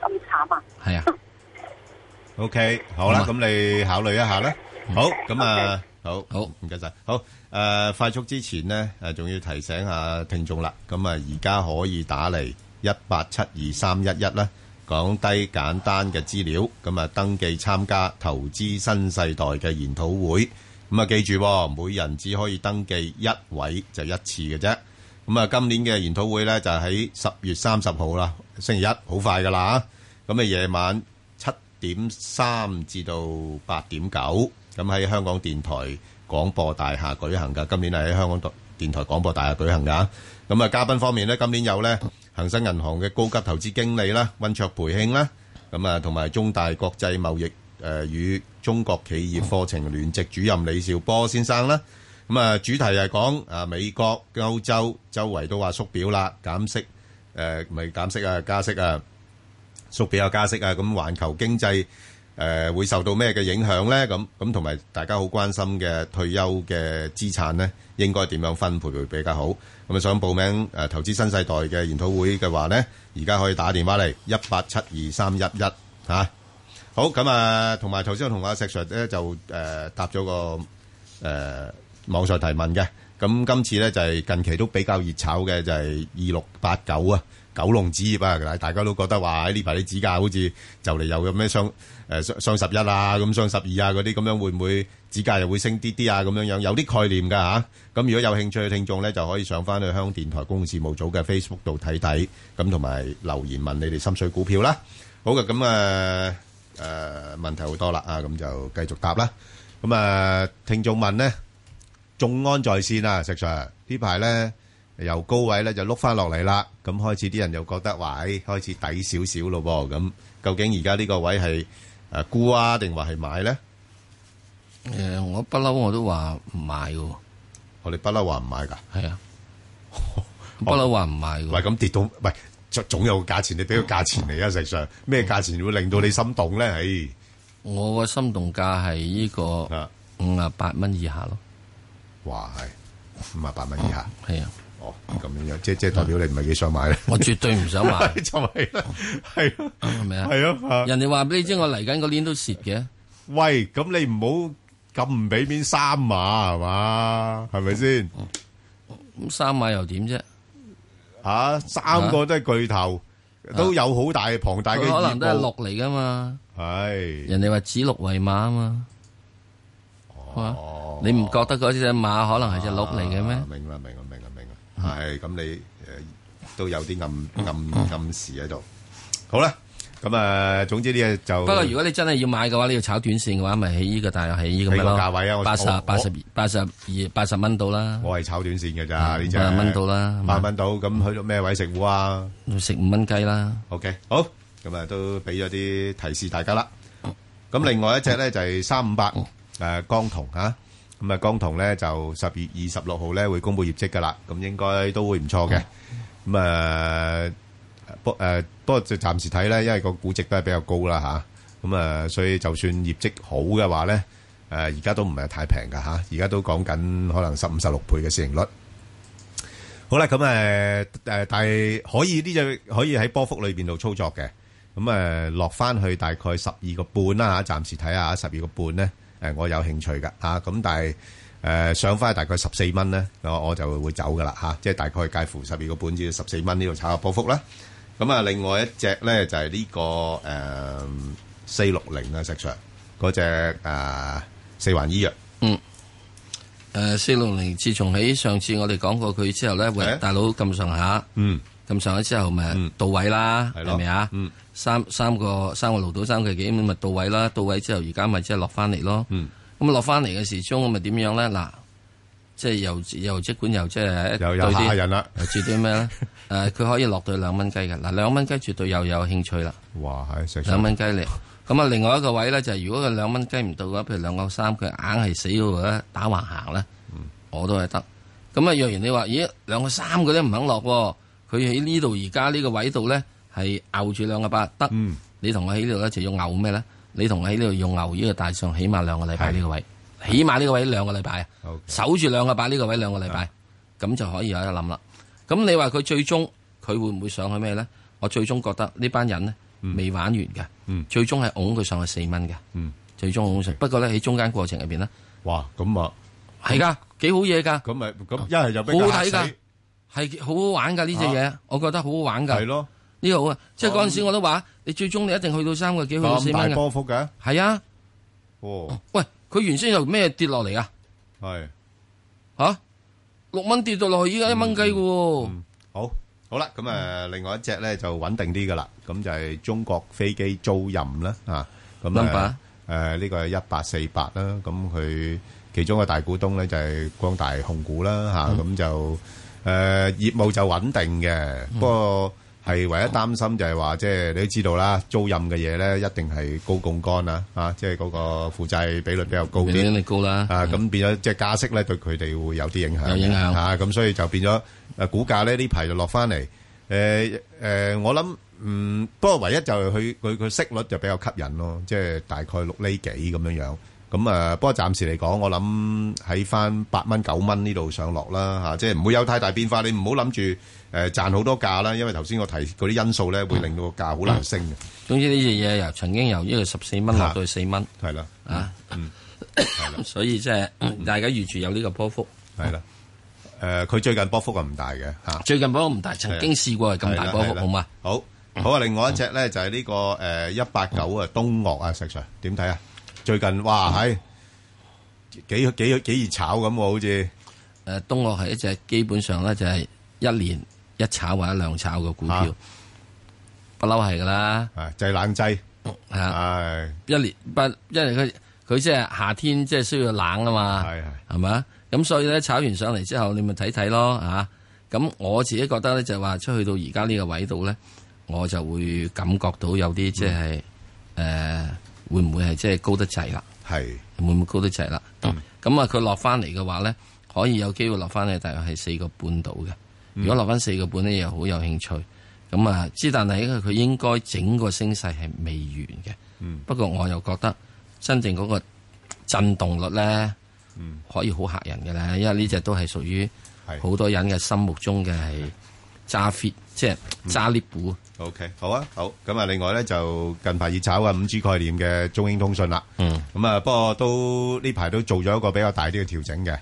咁慘啊！係啊。OK，好啦，咁你考慮一下啦。好，咁啊，好好，唔該晒。好，誒，快速之前呢，誒，仲要提醒下聽眾啦。咁啊，而家可以打嚟一八七二三一一啦，講低簡單嘅資料，咁啊，登記參加投資新世代嘅研討會。咁啊，記住，每人只可以登記一位，就一次嘅啫。咁啊，今年嘅研討會呢，就喺十月三十號啦，星期一，好快噶啦。咁啊，夜晚七點三至到八點九，咁喺香港電台廣播大廈舉行噶。今年係喺香港電台廣播大廈舉行噶。咁啊，嘉賓方面呢，今年有呢，恒生銀行嘅高級投資經理啦，溫卓培興啦，咁啊，同埋中大國際貿易誒、呃、與。中國企業課程聯席主任李兆波先生啦，咁啊主題係講啊美國、歐洲周圍都話縮表啦，減息誒咪減息啊加息啊縮表啊加息啊，咁環球經濟誒、呃、會受到咩嘅影響咧？咁咁同埋大家好關心嘅退休嘅資產咧，應該點樣分配會比較好？咁啊想報名誒、呃、投資新世代嘅研討會嘅話咧，而家可以打電話嚟一八七二三一一吓。好咁啊，同埋頭先，我同阿石 sir 咧就誒答咗個誒網上提問嘅。咁今次咧就係近期都比較熱炒嘅，就係二六八九啊，玖龍紙業啊，大家都覺得話呢排啲紙價好似就嚟有嘅咩雙誒雙雙十一啊，咁雙十二啊嗰啲咁樣，會唔會紙價又會升啲啲啊？咁樣樣有啲概念㗎吓。咁如果有興趣嘅聽眾咧，就可以上翻去香港電台公共事務組嘅 Facebook 度睇睇，咁同埋留言問你哋心水股票啦。好嘅，咁啊。誒、呃，問題好多啦啊，咁就繼續答啦。咁啊，聽眾問呢，眾安在線啊，石 Sir，呢排咧由高位咧就碌翻落嚟啦，咁開始啲人又覺得話，誒、哎，開始抵少少咯，咁究竟而家呢個位係誒沽啊，定話係買咧？誒、呃，我不嬲我都話唔買嘅、啊。我哋不嬲話唔買噶。係啊、哦，不嬲話唔買。唔係咁跌到，唔總有個價錢，你俾個價錢嚟啊！實際上，咩價錢會令到你心動咧？唉、哎，我個心動價係呢個五十八蚊以下咯。哇，係五十八蚊以下，係啊，啊哦，咁樣樣，即係即係代表你唔係幾想買咧。啊、 我絕對唔想買， 就係係係咪啊？係啊，啊啊人哋話俾你知，我嚟緊嗰年都蝕嘅。喂，咁你唔好咁唔俾面、嗯、三碼係嘛？係咪先？咁三碼又點啫？吓，三個都係巨頭，都有好大龐大嘅，可能都係鹿嚟噶嘛。係，人哋話指鹿為馬啊嘛。哦，你唔覺得嗰隻馬可能係隻鹿嚟嘅咩？明啊，明啊，明啊，明啊。係，咁你誒都有啲暗暗暗示喺度。好啦。咁啊，總之呢嘢，就不過如果你真係要買嘅話，你要炒短線嘅話，咪喺呢個，但係喺呢個咯。個價位啊，八十八十二八十二八十蚊到啦。我係炒短線嘅咋呢隻。蚊到啦，八十蚊到。咁去到咩位食糊啊？食五蚊雞啦。OK，好。咁啊，都俾咗啲提示大家啦。咁另外一隻咧就係三五八，誒，江銅啊。咁啊，江銅咧就十月二十六號咧會公佈業績噶啦。咁應該都會唔錯嘅。咁啊，不誒。不過就暫時睇咧，因為個估值都係比較高啦吓，咁啊，所以就算業績好嘅話咧，誒而家都唔係太平噶吓，而家都講緊可能十五十六倍嘅市盈率。好啦，咁誒誒，但係可以呢只可以喺波幅裏邊度操作嘅，咁啊落翻去大概十二個半啦吓，暫時睇下十二個半咧，誒我有興趣噶吓，咁但係誒上翻去大概十四蚊咧，我我就會走噶啦吓，即係大概介乎十二個半至十四蚊呢度炒下波幅啦。咁啊，另外一隻咧就係呢、這個誒、呃那個呃、四六零啊，石牆嗰隻啊四環醫藥，嗯，誒四六零自從喺上次我哋講過佢之後咧，喂的大佬咁上下，嗯，撳上下之後咪、就是、到位啦，係咪啊？三三吧、嗯、個三個盧到三個幾咪到位啦，到位之後而家咪即係落翻嚟咯，咁落翻嚟嘅時鐘咁咪點樣咧？嗱，即係又又即管又即係又對啲咩咧？誒，佢、呃、可以落到兩蚊雞嘅嗱，兩蚊雞絕對又有興趣啦。哇，兩蚊雞嚟。咁啊、嗯，另外一個位咧就係、是、如果佢兩蚊雞唔到嘅話，譬如兩個三，佢硬係死喺度打橫行咧。我都係得。咁啊、嗯，若然你話，咦，兩個三嗰都唔肯落，佢喺呢度而家呢個位度咧係牛住兩個八得。你同我喺呢度咧就要牛咩咧？你同我喺呢度用牛呢個大上，起碼兩個禮拜呢個位，的起碼呢個位兩個禮拜的守住兩個八呢個位兩個禮拜，咁的、嗯、就可以喺度諗啦。咁你話佢最終佢會唔會上去咩咧？我最終覺得呢班人咧未玩完嘅，最終係㧬佢上去四蚊嘅，最終好好食。不過咧喺中間過程入邊咧，哇，咁啊，係噶，幾好嘢噶，咁咪咁一係就俾睇噶，係好好玩噶呢隻嘢，我覺得好好玩噶，係咯呢個好啊，即係嗰陣時我都話，你最終你一定去到三個幾去到四蚊嘅，係啊，哦，喂，佢原先有咩跌落嚟啊？係，吓。六蚊跌到落去，依家一蚊雞嘅。嗯，好好啦，咁啊，另外一隻咧就穩定啲嘅啦，咁就係中國飛機租賃啦，吓咁啊，誒，呢個係一八四八啦，咁佢其中嘅大股東咧就係光大控股啦，吓咁就誒業務就穩定嘅，不過。係唯一擔心就係話，即係你都知道啦，租賃嘅嘢咧一定係高槓桿啊！啊，即係嗰個負債比率比較高啲，利率高啦啊！咁變咗即係加息咧，對佢哋會有啲影響，有影響嚇咁，所以就變咗誒股價咧呢排就落翻嚟誒誒，我諗嗯，不過唯一就係佢佢佢息率就比較吸引咯，即係大概六釐幾咁樣樣咁啊！不過暫時嚟講，我諗喺翻八蚊九蚊呢度上落啦嚇，即係唔會有太大變化，你唔好諗住。誒賺好多價啦，因為頭先我提嗰啲因素咧，會令到個價好難升嘅。總之呢隻嘢由曾經由一個十四蚊落到四蚊，係啦，啊，所以即係大家預住有呢個波幅，係啦，誒，佢最近波幅係唔大嘅嚇。最近波幅唔大，曾經試過係咁大波幅，好嘛？好好啊！另外一隻咧就係呢個誒一八九啊，東樂啊，石 s i 點睇啊？最近哇係幾幾幾熱炒咁喎，好似誒東樂係一隻基本上咧就係一年。一炒或者兩炒嘅股票，不嬲係噶啦。係、啊、製冷劑，係、啊哎、一年不因為佢佢即係夏天即係需要冷啊嘛。係係係咪？咁所以咧炒完上嚟之後，你咪睇睇咯啊。咁我自己覺得咧就話出去到而家呢個位度咧，我就會感覺到有啲即係誒、呃，會唔會係即係高得滯啦？係會唔會高得滯啦？咁、嗯、啊，佢落翻嚟嘅話咧，可以有機會落翻嚟，大約係四個半度嘅。如果落翻四個半呢，又好有興趣。咁啊，之但係佢應該整個升勢係未完嘅。嗯。不過我又覺得真正嗰個震動率咧，嗯，可以好嚇人嘅咧，因為呢隻都係屬於好多人嘅心目中嘅係揸 Lift，的即係揸 Lift 股。OK，好啊，好。咁啊，另外咧就近排熱炒啊，五 G 概念嘅中興通訊啦。嗯。咁啊，不過都呢排都做咗一個比較大啲嘅調整嘅。咁、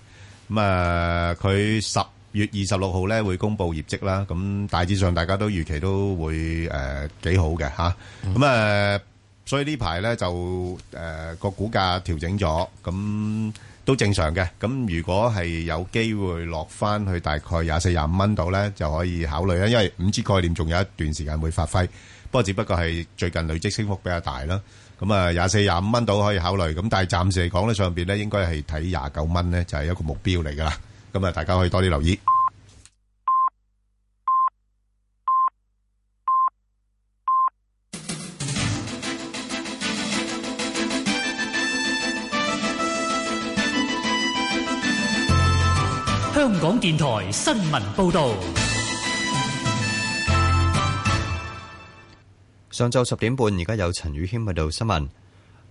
嗯、啊，佢十月二十六號咧會公布業績啦，咁大致上大家都預期都會誒幾好嘅嚇，咁誒所以呢排咧就誒個股價調整咗，咁都正常嘅。咁如果係有機會落翻去大概廿四廿五蚊度咧，就可以考慮咧，因為五 G 概念仲有一段時間會發揮，不過只不過係最近累積升幅比較大啦。咁啊廿四廿五蚊度可以考慮，咁但係暫時嚟講咧上邊咧應該係睇廿九蚊咧就係一個目標嚟㗎啦。今日，大家可以多啲留意。香港電台新聞報道。上晝十點半，而家有陳宇謙報道新聞。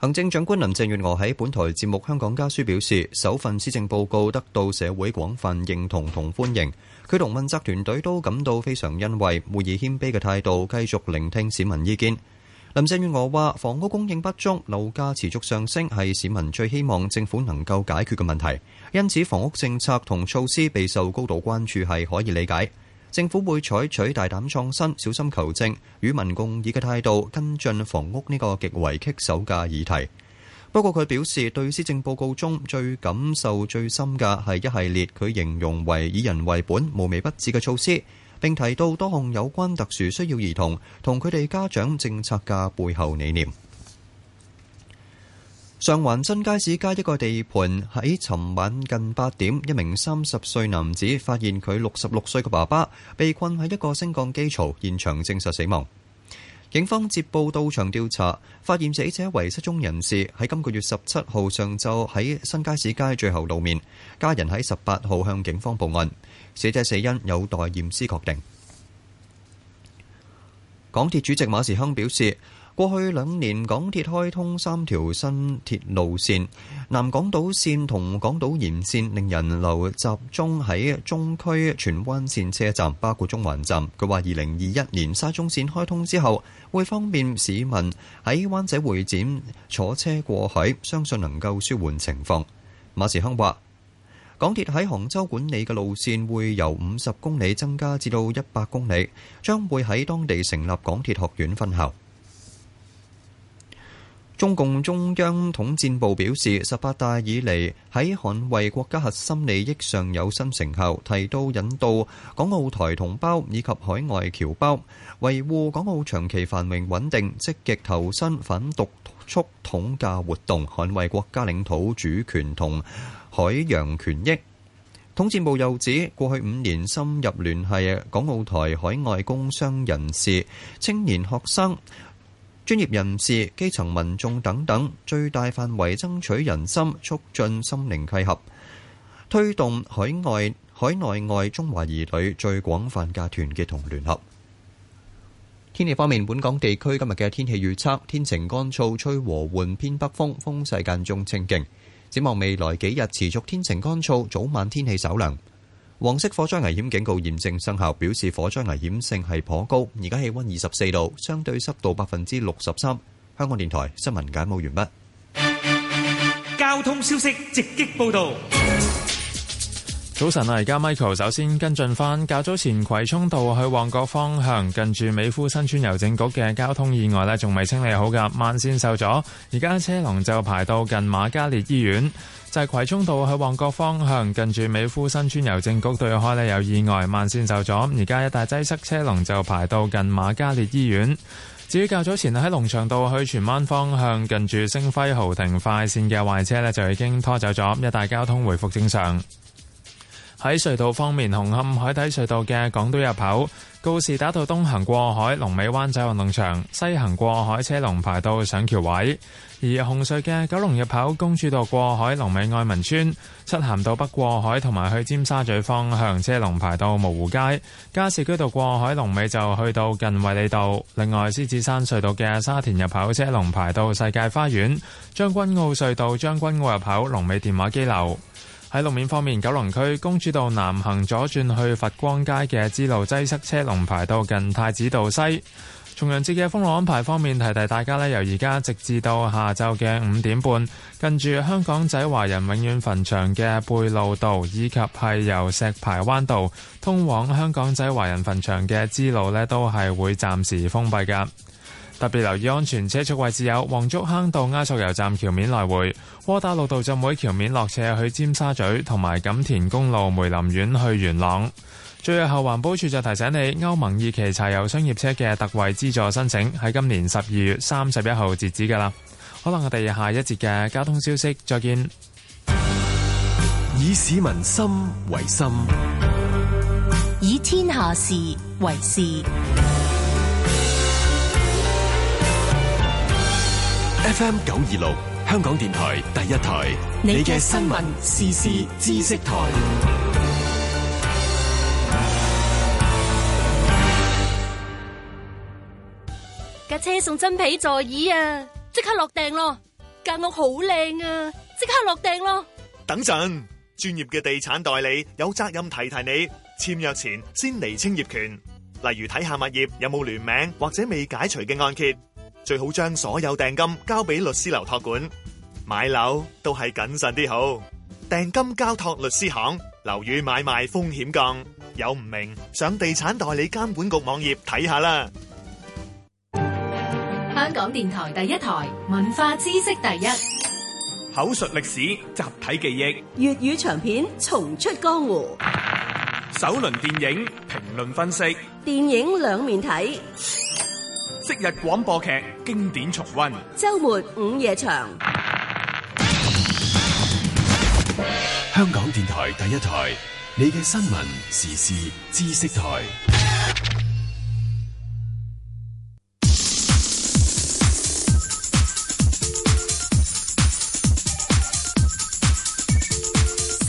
行政長官林鄭月娥喺本台節目《香港家書》表示，首份施政報告得到社會廣泛認同同歡迎。佢同問責團隊都感到非常欣慰，會以謙卑嘅態度繼續聆聽市民意見。林鄭月娥話：房屋供應不足、樓價持續上升係市民最希望政府能夠解決嘅問題，因此房屋政策同措施備受高度關注係可以理解。政府會採取大膽創新、小心求證、與民共議嘅態度，跟進房屋呢個極為棘手嘅議題。不過佢表示，對施政報告中最感受最深嘅係一系列佢形容為以人為本、無微不至嘅措施，並提到多項有關特殊需要兒童同佢哋家長政策嘅背後理念。上環新街市街一個地盤喺尋晚近八點，一名三十歲男子發現佢六十六歲嘅爸爸被困喺一個升降機槽，現場證實死亡。警方接報到場調查，發現死者為失蹤人士，喺今個月十七號上晝喺新街市街最後露面，家人喺十八號向警方報案，死者死因有待驗屍確定。港鐵主席馬時亨表示。過去兩年，港鐵開通三條新鐵路線，南港島線同港島沿線，令人流集中喺中區荃灣線車站，包括中環站。佢話：二零二一年沙中線開通之後，會方便市民喺灣仔會展坐車過海，相信能夠舒緩情況。馬時亨話：港鐵喺杭州管理嘅路線會由五十公里增加至到一百公里，將會喺當地成立港鐵學院分校。中共中央統戰部表示，十八大以嚟喺捍衛國家核心利益上有新成效，提到引導港澳台同胞以及海外僑胞維護港澳長期繁榮穩定，積極投身反獨促統嘅活動，捍衛國家領土主權同海洋權益。統戰部又指，過去五年深入聯繫港澳台海外工商人士、青年學生。專業人士、基層民眾等等，最大範圍爭取人心，促進心靈契合，推動海外海內外中華兒女最廣泛嘅團結同聯合。天氣方面，本港地區今日嘅天氣預測：天晴乾燥，吹和緩偏北風，風勢間中清勁。展望未來幾日，持續天晴乾燥，早晚天氣稍涼。黃色火災危險警告驗證生效，表示火災危險性係頗高。而家氣溫二十四度，相對濕度百分之六十三。香港電台新聞簡報完畢。交通消息直擊報道。早晨啊，而家 Michael 首先跟進翻，較早前葵涌道去旺角方向，近住美孚新村郵政局嘅交通意外呢，仲未清理好噶，慢線受阻，而家車龍就排到近瑪嘉烈醫院。就係葵涌道去旺角方向，近住美孚新村郵政局對開呢，有意外，慢線受阻，而家一大擠塞，車龍就排到近瑪嘉烈醫院。至於較早前喺龍翔道去荃灣方向，近住星輝豪庭快線嘅壞車呢，就已經拖走咗，一大交通回復正常。喺隧道方面，紅磡海底隧道嘅港島入口告士打道東行過海，龍尾灣仔運動場。西行過海，車龍排到上橋位。而紅隧嘅九龍入口，公主道過海，龍尾愛民村；漆咸道北過海，同埋去尖沙咀方向，車龍排到蕪湖街；加士居道過海，龍尾就去到近衛理道。另外，獅子山隧道嘅沙田入口，車龍排到世界花園；將軍澳隧道將軍澳入口，龍尾電話機樓。喺路面方面，九龍區公主道南行左轉去佛光街嘅支路擠塞車，車龍排到近太子道西。重陽節嘅封路安排方面，提提大家咧，由而家直至到下晝嘅五點半，近住香港仔華人永遠墳場嘅貝璐道以及係由石排灣道通往香港仔華人墳場嘅支路呢，都係會暫時封閉嘅。特別留意安全車速位置有黃竹坑道、亞索油站橋面來回、窩打老道浸會橋面落斜去尖沙咀，同埋錦田公路梅林苑去元朗。最後，環保署就提醒你，歐盟二期柴油商業車嘅特惠資助申請喺今年十二月三十一號截止噶啦。可能我哋下一節嘅交通消息再見。以市民心為心，以天下事為事。F M 九二六，香港電台第一台，你嘅新聞時事知識台。架車送真皮座椅啊！即刻落訂咯！間屋好靚啊！即刻落訂咯！等陣，專業嘅地產代理有責任提提你，簽約前先厘清業權，例如睇下物業有冇聯名或者未解除嘅按揭。最好將所有訂金交俾律師樓託管。買樓都係謹慎啲好，訂金交託律師行，樓宇買賣風險降。有唔明，上地產代理監管局網頁睇下啦。香港電台第一台，文化知識第一，口述歷史集體記憶，粵語長片重出江湖，首輪電影評論分析，電影兩面睇，昔日廣播劇經典重溫，周末午夜場，香港電台第一台，你嘅新聞時事知識台。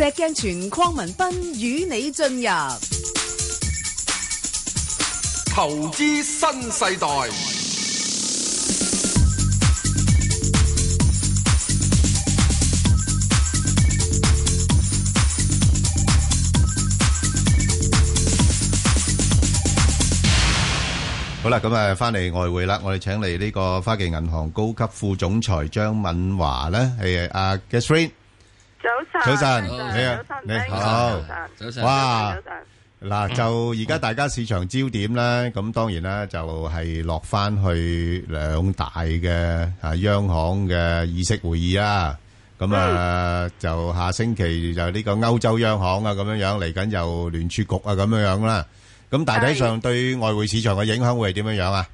石鏡泉、鄺民彬與你進入投資新世代。好啦，咁誒，翻嚟外匯啦，我哋請嚟呢個花旗銀行高級副總裁張敏華咧，係阿、啊早晨，早晨，你好，你好，哇，嗱，就而家大家市場焦點咧，咁當然咧就係落翻去兩大嘅啊央行嘅議息會議啊，咁啊就下星期就呢個歐洲央行啊，咁樣樣嚟緊又聯儲局啊，咁樣樣啦，咁大體上對外匯市場嘅影響會係點樣樣啊？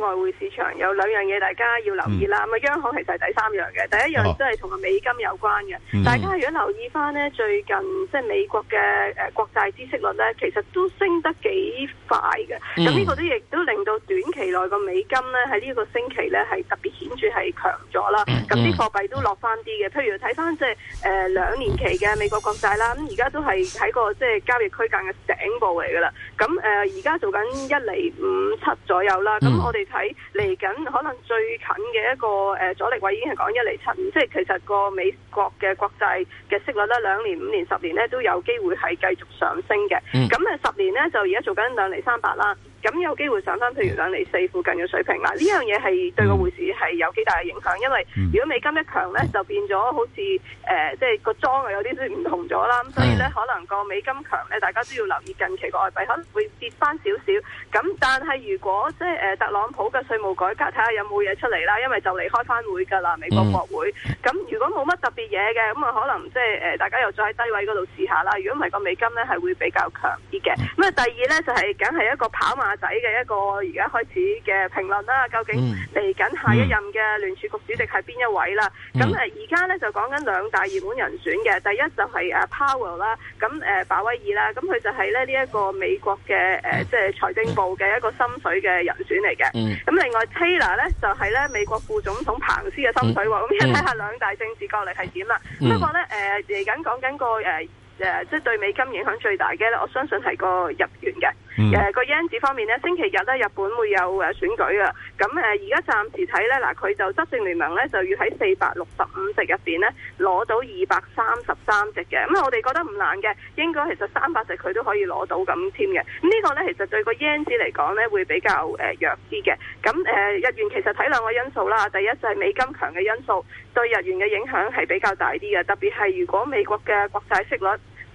外匯市場有兩樣嘢大家要留意啦，咁啊、嗯，央行其實係第三樣嘅，第一樣都係同美金有關嘅。嗯、大家如果留意翻呢，最近即係美國嘅誒、呃、國債孳息率呢，其實都升得幾快嘅。咁呢、嗯、個都亦都令到短期內個美金呢，喺呢個星期呢，係特別顯著係強咗啦。咁啲貨幣都落翻啲嘅，譬如睇翻即係誒兩年期嘅美國國債啦，咁而家都係喺個即係交易區間嘅頂部嚟噶啦。咁誒而家做緊一厘五七左右啦，咁、嗯。嗯嗯我哋睇嚟緊可能最近嘅一個誒，呃、阻力位已經係講一厘七五，即係其實個美國嘅國債嘅息率呢兩年、五年、十年呢都有機會係繼續上升嘅。咁誒、嗯，十年呢就而家做緊兩厘三八啦，咁有機會上翻譬如兩厘四附近嘅水平啦。呢樣嘢係對個匯市係有幾大嘅影響？因為如果美金一強呢，就變咗好似誒、呃，即係個莊啊有啲啲唔同咗啦。嗯、所以呢，可能個美金強呢，大家都要留意近期個外幣可能會跌翻少少。咁但係如果即係、呃呃特朗普嘅稅務改革睇下有冇嘢出嚟啦，因為就嚟開翻會噶啦，美國國會，會。咁、嗯、如果冇乜特別嘢嘅，咁啊可能即係誒大家又再喺低位嗰度試下啦。如果唔係，個美金呢，係會比較強啲嘅。咁啊，第二呢，就係梗係一個跑馬仔嘅一個而家開始嘅評論啦。究竟嚟緊下，下一任嘅聯儲局主席係邊一位啦？咁誒而家呢，就講緊兩大熱門人選嘅，第一就係誒 Powell、呃、啦，咁誒鮑威爾啦，咁佢就係咧呢一個美國嘅誒即係財政部嘅一個心水嘅人選嚟。嘅，咁、嗯、另外 Taylor 咧就係咧美國副總統彭斯嘅心水喎，咁一睇下兩大政治角力係點啦。嗯、不過咧，誒嚟緊講緊個誒誒，即、呃、係、呃就是、對美金影響最大嘅咧，我相信係個入員嘅。誒個 Yen 字方面呢，星期日咧日本會有誒選舉啊。咁誒而家暫時睇呢，嗱佢就執政聯盟呢，就要喺四百六十五席入邊呢攞到二百三十三席嘅。咁我哋覺得唔難嘅，應該其實三百席佢都可以攞到咁添嘅。呢個呢，其實對個 Yen 字嚟講呢，會比較誒弱啲嘅。咁誒、呃、日元其實睇兩個因素啦，第一就係美金強嘅因素對日元嘅影響係比較大啲嘅，特別係如果美國嘅國債息率，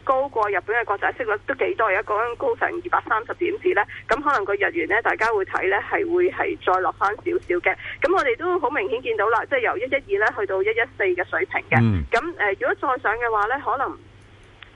高過日本嘅國際息率都幾多，而家講高成二百三十點子咧，咁可能個日元咧，大家會睇咧係會係再落翻少少嘅。咁我哋都好明顯見到啦，即係由一一二咧去到一一四嘅水平嘅。咁誒、呃，如果再上嘅話咧，可能。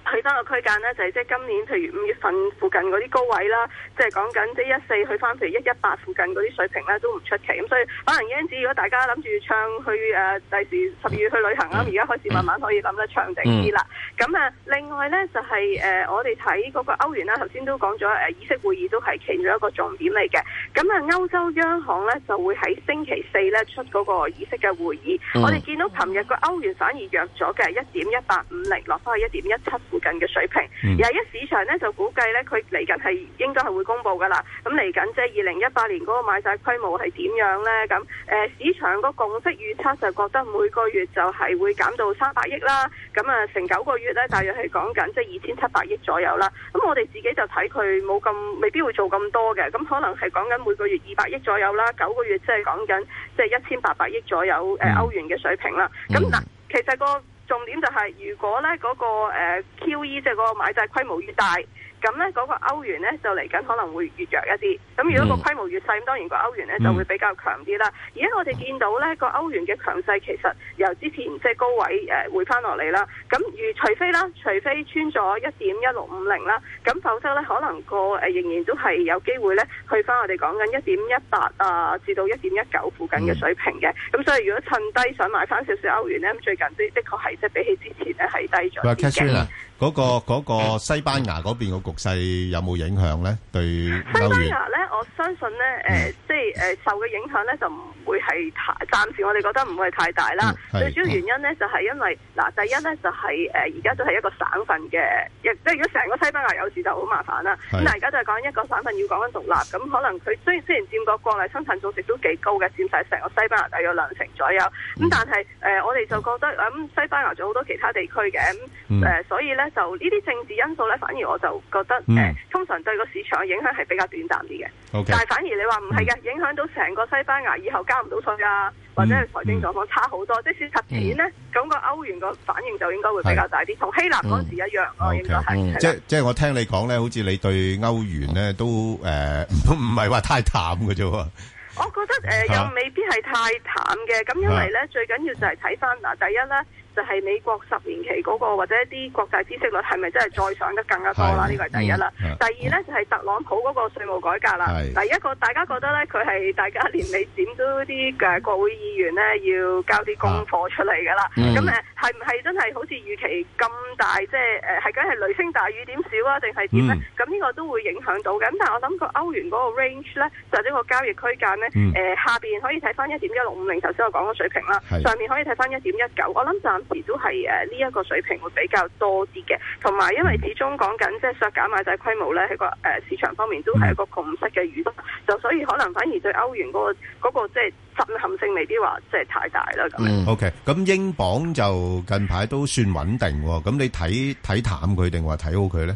去翻個區間呢，就係即係今年，譬如五月份附近嗰啲高位啦，即係講緊即係一四去翻譬如一一八附近嗰啲水平呢，都唔出奇。咁所以，可能嘅嘢，如果大家諗住唱去誒第、啊、時十二月去旅行啊，而家開始慢慢可以諗得長定啲啦。咁啊、嗯，另外呢，就係、是、誒、呃、我哋睇嗰個歐元啦，頭先都講咗誒議息會議都係其中一個重點嚟嘅。咁啊，歐洲央行呢，就會喺星期四呢出嗰個議息嘅會議。嗯、我哋見到琴日個歐元反而弱咗嘅一點一八五零，落翻去一點一七，近嘅水平，廿、嗯、一市場咧就估計咧，佢嚟緊係應該係會公布噶啦。咁嚟緊即係二零一八年嗰個買債規模係點樣咧？咁誒、呃，市場個共識預測就覺得每個月就係會減到三百億啦。咁啊、呃，成九個月咧，大約係講緊即係二千七百億左右啦。咁我哋自己就睇佢冇咁，未必會做咁多嘅。咁可能係講緊每個月二百億左右啦，九個月即係講緊即係一千八百億左右誒歐、嗯呃、元嘅水平啦。咁嗱，嗯、其實、嗰個。重點就係，如果咧嗰個誒 QE 即係嗰個買債規模越大。咁呢嗰個歐元呢，就嚟緊可能會越弱一啲。咁如果個規模越細，咁當然個歐元呢就會比較強啲啦。嗯、而家我哋見到呢個歐元嘅強勢其實由之前即係高位誒、呃、回翻落嚟啦。咁如除非啦，除非穿咗一點一六五零啦，咁否則呢可能個、呃、仍然都係有機會呢去翻我哋講緊一點一八啊至到一點一九附近嘅水平嘅。咁、嗯、所以如果趁低想買翻少少歐元呢，咁最近的的確係即係比起之前呢，係低咗。嗰個西班牙嗰邊個局勢有冇影響咧？對西班牙咧，我相信咧，誒、呃，即係誒受嘅影響咧、嗯，就唔會係太，暫時我哋覺得唔會係太大啦。最主要原因咧、啊，就係因為嗱，第一咧就係誒而家都係一個省份嘅，即係如果成個西班牙有事就好麻煩啦。咁而家就係講一個省份要講緊獨立，咁可能佢雖雖然佔個國內生產總值都幾高嘅，佔晒成個西班牙大約兩成左右，咁但係誒我哋就覺得咁西班牙仲好多其他地區嘅，誒、呃、所以咧。就呢啲政治因素咧，反而我就覺得誒，通常對個市場嘅影響係比較短暫啲嘅。但係反而你話唔係嘅，影響到成個西班牙以後交唔到稅啊，或者係財政狀況差好多，即使涉及錢咧，咁個歐元個反應就應該會比較大啲，同希臘嗰時一樣咯，應該係。即係即係我聽你講咧，好似你對歐元咧都誒，唔唔係話太淡嘅啫。我覺得誒，又未必係太淡嘅。咁因為咧，最緊要就係睇翻嗱，第一咧。就係美國十年期嗰、那個或者一啲國際息率係咪真係再上得更加多啦？呢個係第一啦。 第二呢，就係、是、特朗普嗰個稅務改革啦。 第一個大家覺得呢，佢係大家年尾點都啲嘅國會議員呢要交啲功課出嚟㗎啦。咁誒係唔係真係好似預期咁大？即係誒係梗係雷聲大雨點少啊？定係點呢？咁呢 個都會影響到嘅。咁但係我諗個歐元嗰個 range 呢，就呢、是、個交易區間呢，誒、 呃、下邊可以睇翻一點一六五零，頭先我講嘅水平啦。 上面可以睇翻一點一九。我諗暫。而都係誒呢一個水平會比較多啲嘅，同埋因為始終講緊即係縮減買債規模咧，喺個誒市場方面都係一個共識嘅預測，嗯、就所以可能反而對歐元嗰、嗰個即係震撼性未必話即係太大啦咁、嗯。OK，咁英鎊就近排都算穩定喎，咁你睇睇淡佢定話睇好佢咧？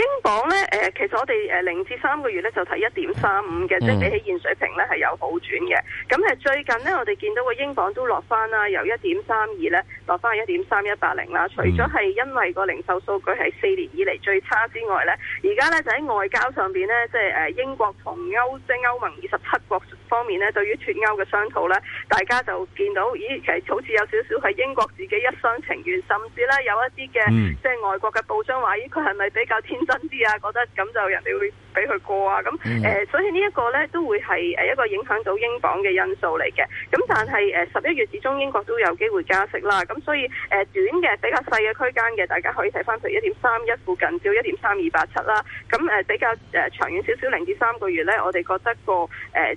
英鎊咧，誒、呃，其實我哋誒零至三個月咧就睇一點三五嘅，mm. 即係比起現水平咧係有好轉嘅。咁係最近咧，我哋見到個英鎊都落翻啦，由一點三二咧落翻去一點三一八零啦。除咗係因為個零售數據係四年以嚟最差之外咧，而家咧就喺外交上邊咧，即係誒英國同歐即係歐盟二十七國。方面咧，對於脫歐嘅商討咧，大家就見到，咦，其實好似有少少係英國自己一廂情願，甚至咧有一啲嘅、嗯、即係外國嘅報章話，咦，佢係咪比較天真啲啊，覺得咁就人哋會俾佢過啊！咁誒，所以呢一個呢，都會係誒一個影響到英鎊嘅因素嚟嘅。咁但係誒十一月始終英國都有機會加息啦。咁所以誒短嘅比較細嘅區間嘅，大家可以睇翻喺一點三一附近到一點三二八七啦。咁誒比較誒長遠少少零至三個月呢，我哋覺得個誒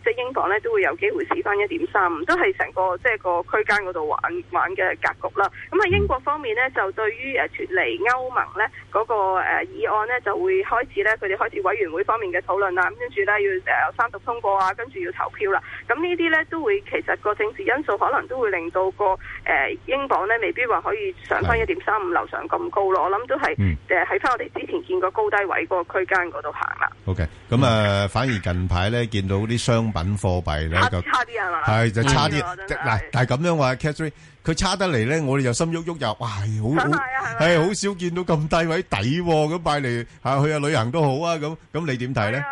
即係英鎊呢都會有機會試翻一點三五，都係成個即係個區間嗰度玩玩嘅格局啦。咁喺英國方面呢，就對於誒脫離歐盟呢嗰個誒議案呢，就會開始呢，佢哋開始委員會。方面嘅討論啦，咁跟住咧，要誒三讀通過啊，跟住要投票啦。咁呢啲咧，都會其實個政治因素可能都會令到個誒英鎊咧，未必話可以上翻一點三五樓上咁高咯。是我諗都係誒喺翻我哋之前見過高低位嗰個區間嗰度行啦。OK，咁啊、呃嗯、反而近排咧，見到啲商品貨幣咧，就差啲係嘛，係，就差啲嗱，但係咁樣話。Catherine。佢差得嚟咧，我哋又心喐喐又，哇，好，係好少見到咁低位底咁買嚟，嚇、啊、去下、啊、旅行都好啊，咁咁你點睇咧？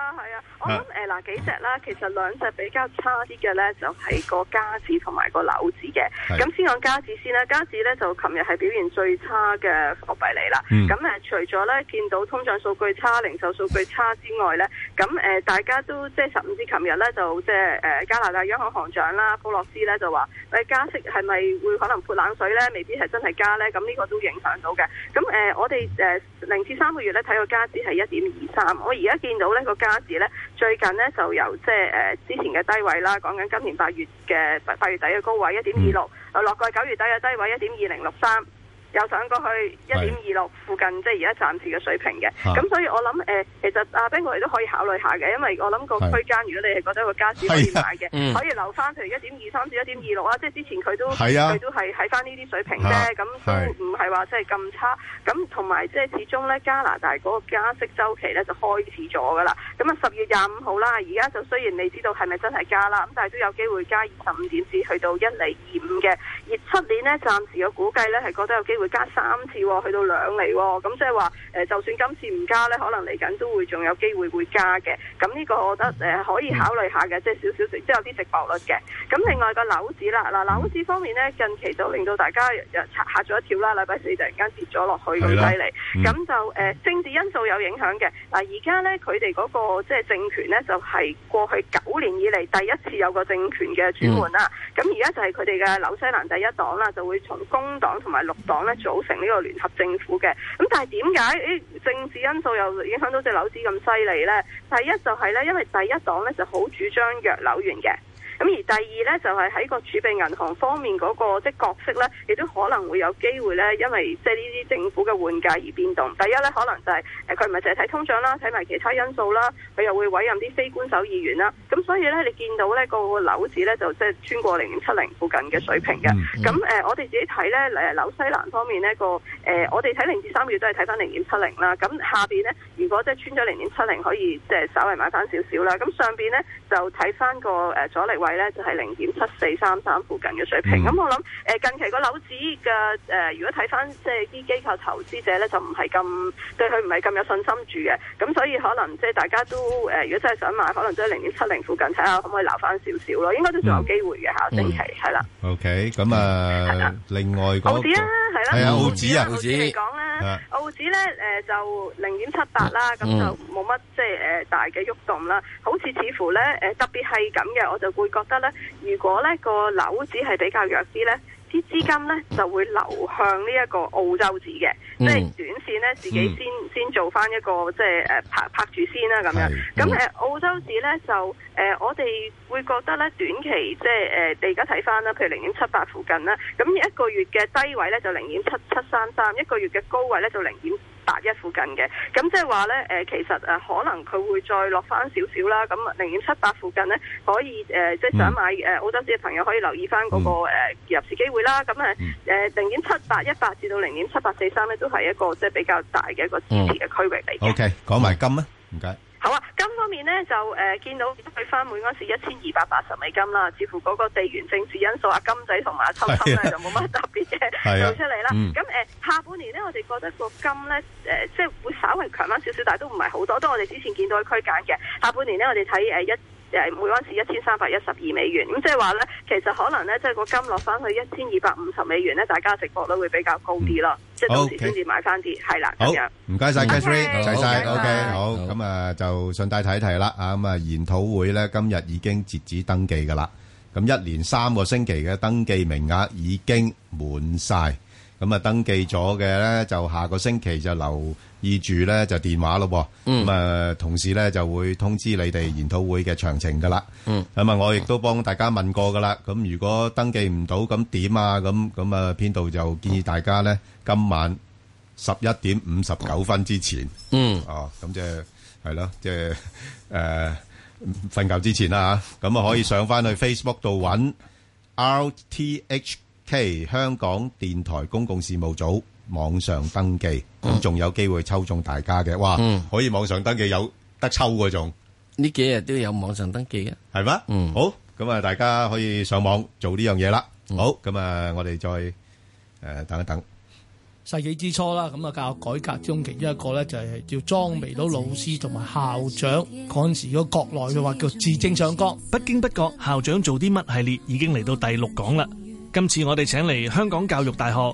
我諗誒嗱幾隻啦，其實兩隻比較差啲嘅咧，就係、是、個加字同埋個紐字嘅。咁先講加字先啦，加字咧就琴日係表現最差嘅貨幣嚟啦。咁誒、嗯、除咗咧見到通脹數據差、零售數據差之外咧，咁誒、呃、大家都即甚至琴日咧就即係誒加拿大央行行長啦布洛斯咧就話誒加息係咪會可能潑冷水咧？未必係真係加咧。咁呢個都影響到嘅。咁誒、呃、我哋誒、呃、零至三個月咧睇個加字係一點二三。我而家見到呢個加字咧。最近呢，就由即係誒之前嘅低位啦，講緊今年八月嘅八月底嘅高位一點二六，又落過九月底嘅低位一點二零六三。有上過去一點二六附近，是即係而家暫時嘅水平嘅。咁、啊、所以我諗誒、呃，其實阿、啊、Ben 我哋都可以考慮下嘅，因為我諗個區間，是如果你係覺得個加息可以買嘅，可以留翻譬如一點二三至一點二六啦。即係之前佢都佢、啊、都係喺翻呢啲水平啫。咁都唔係話即係咁差。咁同埋即係始終咧，加拿大嗰個加息周期咧就開始咗㗎啦。咁啊，十月廿五號啦，而家就雖然你知道係咪真係加啦，咁但係都有機會加二十五點至去到一厘二五嘅。而出年呢，暫時嘅估計咧係覺得有機會。會加三次、哦，去到兩厘、哦，咁即係話誒，就算今次唔加呢，可能嚟緊都會仲有機會會加嘅。咁呢個我覺得誒、呃、可以考慮下嘅，即係少少食，即、就、係、是、有啲值博率嘅。咁另外個樓市啦，嗱樓市方面呢，近期就令到大家又嚇咗一跳啦。禮拜四突然間跌咗落去咁犀利，咁就誒、呃、政治因素有影響嘅。嗱而家呢，佢哋嗰個即係、就是、政權呢，就係、是、過去九年以嚟第一次有一個政權嘅轉換啦。咁而家就係佢哋嘅紐西蘭第一黨啦，就會從工黨同埋綠黨組成呢個聯合政府嘅。咁但係點解誒政治因素又影響到隻樓市咁犀利咧？第一就係、是、咧，因為第一黨咧就好主張弱樓員嘅。咁而第二咧，就係、是、喺個儲備銀行方面嗰、那個即、就是、角色咧，亦都可能會有機會咧，因為即係呢啲政府嘅換屆而變動。第一咧，可能就係誒佢唔係淨係睇通脹啦，睇埋其他因素啦，佢又會委任啲非官守議員啦。咁所以咧，你見到咧、那個樓市咧就即係穿過零點七零附近嘅水平嘅。咁誒、嗯，嗯、我哋自己睇咧誒紐西蘭方面呢個誒、呃，我哋睇零至三個月都係睇翻零點七零啦。咁下邊呢，如果即係穿咗零點七零，可以即係稍微買翻少少啦。咁上邊呢，就睇翻個誒阻力位。就係零點七四三三附近嘅水平，咁、嗯、我諗誒、呃、近期個樓指嘅誒，如果睇翻即係啲機構投資者咧，就唔係咁對佢唔係咁有信心住嘅，咁所以可能即係大家都誒，如果真係想買，可能都係零點七零附近睇下可唔可以留翻少少咯，應該都仲有機會嘅，嗯、下星期。係啦、嗯。O K，咁啊，另外個澳紙啦，係啦，澳紙啊，澳紙嚟講啦，澳紙咧誒就零點七八啦，咁、嗯嗯、就冇乜即係誒大嘅喐動啦，好似似乎咧誒、呃、特別係咁嘅，我就會講。覺得咧，如果咧個樓紙係比較弱啲咧，啲資金咧就會流向呢一個澳洲紙嘅，嗯、即係短綫咧自己先、嗯、先做翻一個即係誒拍拍住先啦，咁樣。咁誒、嗯、澳洲紙咧就誒我哋會覺得咧短期即係誒你而家睇翻啦，譬如零點七八附近啦，咁一個月嘅低位咧就零點七七三三，一個月嘅高位咧就零點。八一、嗯、附近嘅，咁、嗯嗯、即係話咧，誒、呃，其實誒、呃，可能佢會再落翻少少啦，咁零點七八附近咧，可以誒，即係想買誒，澳洲紙嘅朋友可以留意翻嗰個誒入市機會啦。咁誒，誒，零點七八、一八至到零點七八四三咧，都係一個即係比較大嘅一個支持嘅區域嚟嘅。OK，講埋金啊，唔該、嗯。謝謝咧就誒見到佢翻滿嗰時一千二百八十美金啦，似乎嗰個地緣政治因素啊，金仔同埋抽抽咧就冇乜特別嘅做出嚟啦。咁誒下半年呢，我哋覺得個金呢，誒即係會稍微強翻少少，但係都唔係好多，都我哋之前見到嘅區間嘅。下半年呢，我哋睇誒一。就每盎司一千三百一十二美元，咁即係話咧，其實可能咧，即係個金落翻去一千二百五十美元咧，大家接貨率會比較高啲咯，嗯 okay。即係當時先至買翻啲，係啦。好，唔該晒 Gary，謝曬，OK，好，咁啊，okay, okay, okay, okay. 嗯嗯、就順帶睇一睇啦，啊，咁啊，研討會咧今日已經截止登記㗎啦，咁一連三個星期嘅登記名額已經滿晒，咁啊，登記咗嘅咧就下個星期就留。易住咧就電話咯，咁啊、嗯，同事咧就會通知你哋研討會嘅詳情噶啦。咁啊、嗯，我亦都幫大家問過噶啦。咁、嗯、如果登記唔到，咁點啊？咁咁啊，編導就建議大家咧，嗯、今晚十一點五十九分之前，哦、嗯，咁即係係咯，即係誒瞓覺之前啦嚇。咁啊，就可以上翻去 Facebook 度揾 RTHK 香港電台公共事務組。網上登記咁仲、嗯、有機會抽中大家嘅，哇！嗯、可以網上登記有得抽嗰種。呢幾日都有網上登記嘅，係咩嗎？嗯，好，咁啊，大家可以上網做呢樣嘢啦。好，咁啊，我哋再誒等一等。世紀之初啦，咁啊，教育改革中期，一個咧就係叫裝備到老師同埋校長。嗰陣時個國內嘅話叫自正上綱，不經不覺校長做啲乜系列已經嚟到第六講啦。今次我哋請嚟香港教育大學。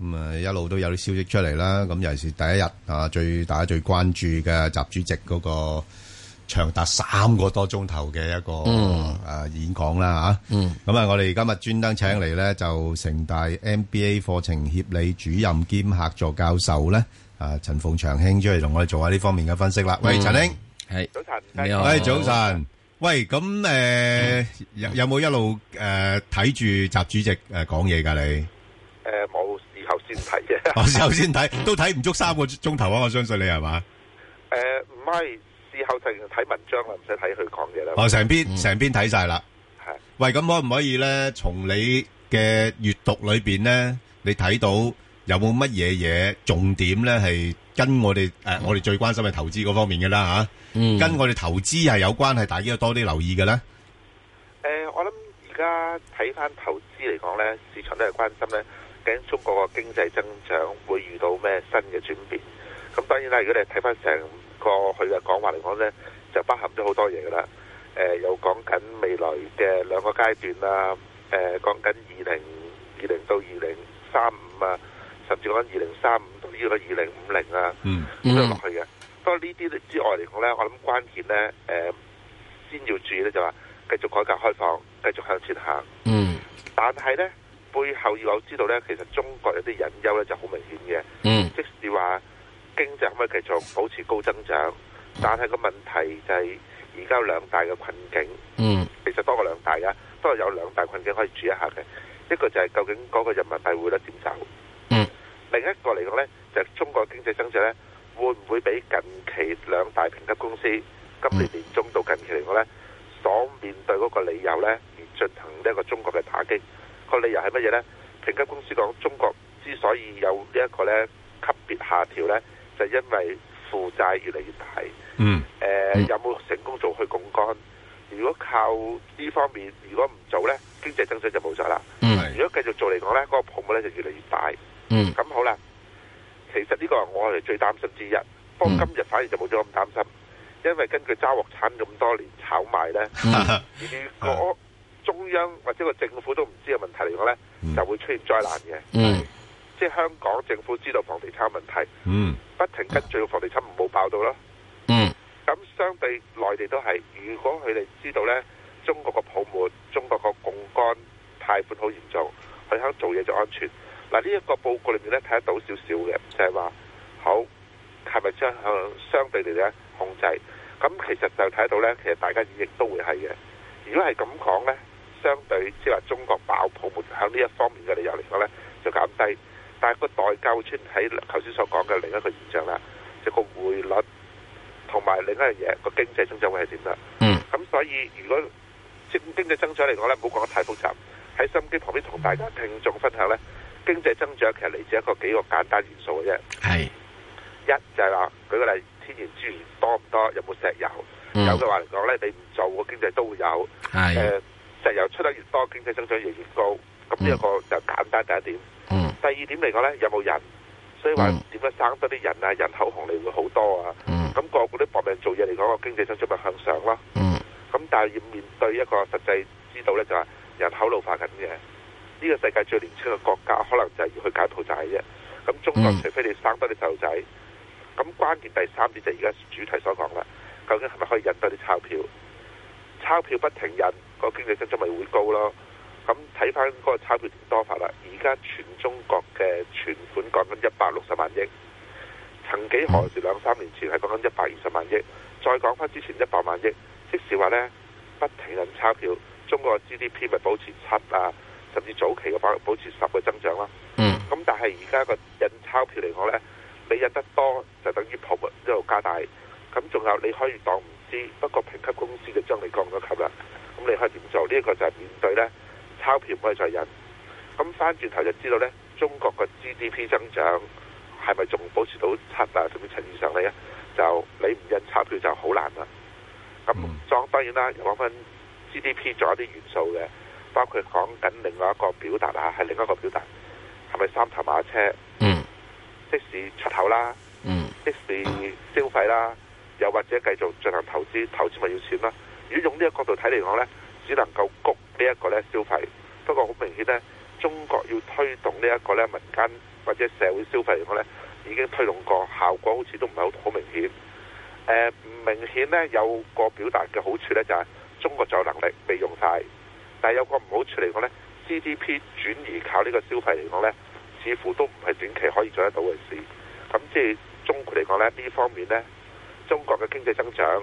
咁啊，一路都有啲消息出嚟啦。咁尤其是第一日啊，最大家最關注嘅習主席嗰個長達三個多鐘頭嘅一個誒演講啦，吓、嗯。咁啊，嗯、我哋今日專登請嚟咧，就城大 MBA 課程協理主任兼客座教授咧，啊陳鳳長興，出嚟同我哋做下呢方面嘅分析啦。嗯、喂，陳兄，係早晨，喂，早晨。喂、呃，咁誒、嗯，有有冇一路誒睇住習主席誒講嘢噶你？誒、呃，冇。先睇啫、 哦，我首先睇都睇唔足三個鐘頭啊！我相信你係嘛？誒唔係，事後睇睇文章啦，唔使睇佢講嘢啦。我成篇成篇睇晒啦。係喂，咁可唔可以咧？從你嘅閱讀裏邊咧，你睇到有冇乜嘢嘢重點咧？係跟我哋誒，我哋最關心嘅投資嗰方面嘅啦吓，啊嗯、跟我哋投資係有關係，大家要多啲留意嘅啦。誒、呃，我諗而家睇翻投資嚟講咧，市場都係關心咧。驚中國個經濟增長會遇到咩新嘅轉變？咁當然啦，如果你睇翻成個佢嘅講話嚟講咧，就包含咗好多嘢噶啦。誒、呃，又講緊未來嘅兩個階段啊，誒、呃，講緊二零二零到二零三五啊，甚至講緊二零三五同呢個二零五零啊，嗯，咁樣落去嘅。不過呢啲之外嚟講咧，我諗關鍵咧，誒、呃，先要注意咧就話繼續改革開放，繼續向前行。嗯，但係咧。背後要我知道呢，其實中國有啲隱憂呢就好明顯嘅。嗯，即使話經濟可唔可以繼續保持高增長，但係個問題就係而家有兩大嘅困境。嗯，其實多過兩大啊，都係有兩大困境可以注一下嘅。一個就係究竟嗰個人民大會呢點走？嗯，另一個嚟講呢，就係中國經濟增長呢會唔會俾近期兩大評級公司今年年中到近期嚟講呢，所面對嗰個理由呢，而進行呢一個中國嘅打擊？個理由係乜嘢呢？評級公司講中國之所以有呢一個呢級別下調呢，就因為負債越嚟越大。嗯，嗯呃、有冇成功做去槓桿？如果靠呢方面，如果唔做呢，經濟增長就冇晒啦。嗯、如果繼續做嚟講呢，嗰、個泡沫呢就越嚟越大。咁、嗯、好啦。其實呢個係我哋最擔心之一，不過今日反而就冇咗咁擔心，因為根據揸鑊鏟咁多年炒賣呢。嗯嗯、如果、嗯。中央或者個政府都唔知嘅問題嚟講呢，就會出現災難嘅。嗯、即係香港政府知道房地產問題，嗯、不停跟住個房地產唔好爆到咯。咁、嗯、相對內地都係，如果佢哋知道呢中國個泡沫、中國個槓桿貸款好嚴重，佢肯做嘢就安全。嗱，呢一個報告裏面呢，睇得到少少嘅，就係、是、話好係咪將向相對地講控制？咁其實就睇到呢，其實大家亦都會係嘅。如果係咁講呢。相對即係話中國爆泡沫喺呢一方面嘅理由嚟講咧，就減低。但係個代溝村喺頭先所講嘅另一個現象啦，就是、個匯率同埋另一樣嘢、那個經濟、嗯、增長會係點啦。嗯。咁所以如果經經濟增長嚟講咧，唔好講得太複雜。喺心機旁邊同大家聽眾分享咧，經濟增長其實嚟自一個幾個簡單元素嘅啫。係是。一就係、是、話舉個例，天然資源多唔多？有冇石油？有嘅、嗯、話嚟講咧，你唔做個經濟都會有。係是。是就出得越多，經濟增長越來越高。咁呢一個就簡單第一點。嗯、第二點嚟講呢，有冇人？所以話點解生多啲人啊？人口紅利會好多啊。咁、嗯、個個都搏命做嘢嚟講，個經濟增長咪向上咯。咁、嗯、但係要面對一個實際知道呢，就係、是、人口老化緊嘅。呢、這個世界最年輕嘅國家，可能就係要去解套債啫。咁中國除非你生多啲細路仔，咁關鍵第三點就係而家主題所講啦。究竟係咪可以印多啲鈔票？鈔票不停印。個經濟增速咪會高咯，咁睇翻嗰個鈔票點多法啦。而家全中國嘅存款講緊一百六十萬億，曾幾何時兩三年前係講緊一百二十萬億，再講翻之前一百萬億，即使話呢，不停印鈔票，中國 GDP 咪保持七啊，甚至早期嘅保保持十嘅增長啦、啊。嗯。咁但係而家個印鈔票嚟講呢，你印得多就等於泡沫一路加大，咁仲有你可以當唔知，不過評級公司就將你降咗級啦。咁你可以點做？呢、這、一個就係面對咧鈔票唔可以再印。咁翻轉頭就知道咧，中國個 GDP 增長係咪仲保持到七啊甚至七以上嚟咧？就你唔印鈔票就好難啦、啊。咁，所當然啦，講翻 GDP 仲有啲元素嘅，包括講緊另外一個表達吓、啊，係另外一個表達，係咪三頭馬車？嗯。即使出口啦，嗯。即使消費啦，又或者繼續進行投資，投資咪要錢啦。如果用一呢一個角度睇嚟講呢，只能夠谷呢一個咧消費。不過好明顯呢，中國要推動呢一個咧民間或者社會消費嚟講呢已經推動過，效果好似都唔係好好明顯、呃。明顯呢，有個表達嘅好處呢，就係、是、中國就有能力未用晒。但係有個唔好處嚟講呢 GDP 轉移靠呢個消費嚟講呢似乎都唔係短期可以做得到嘅事。咁即係中國嚟講咧呢方面呢，中國嘅經濟增長。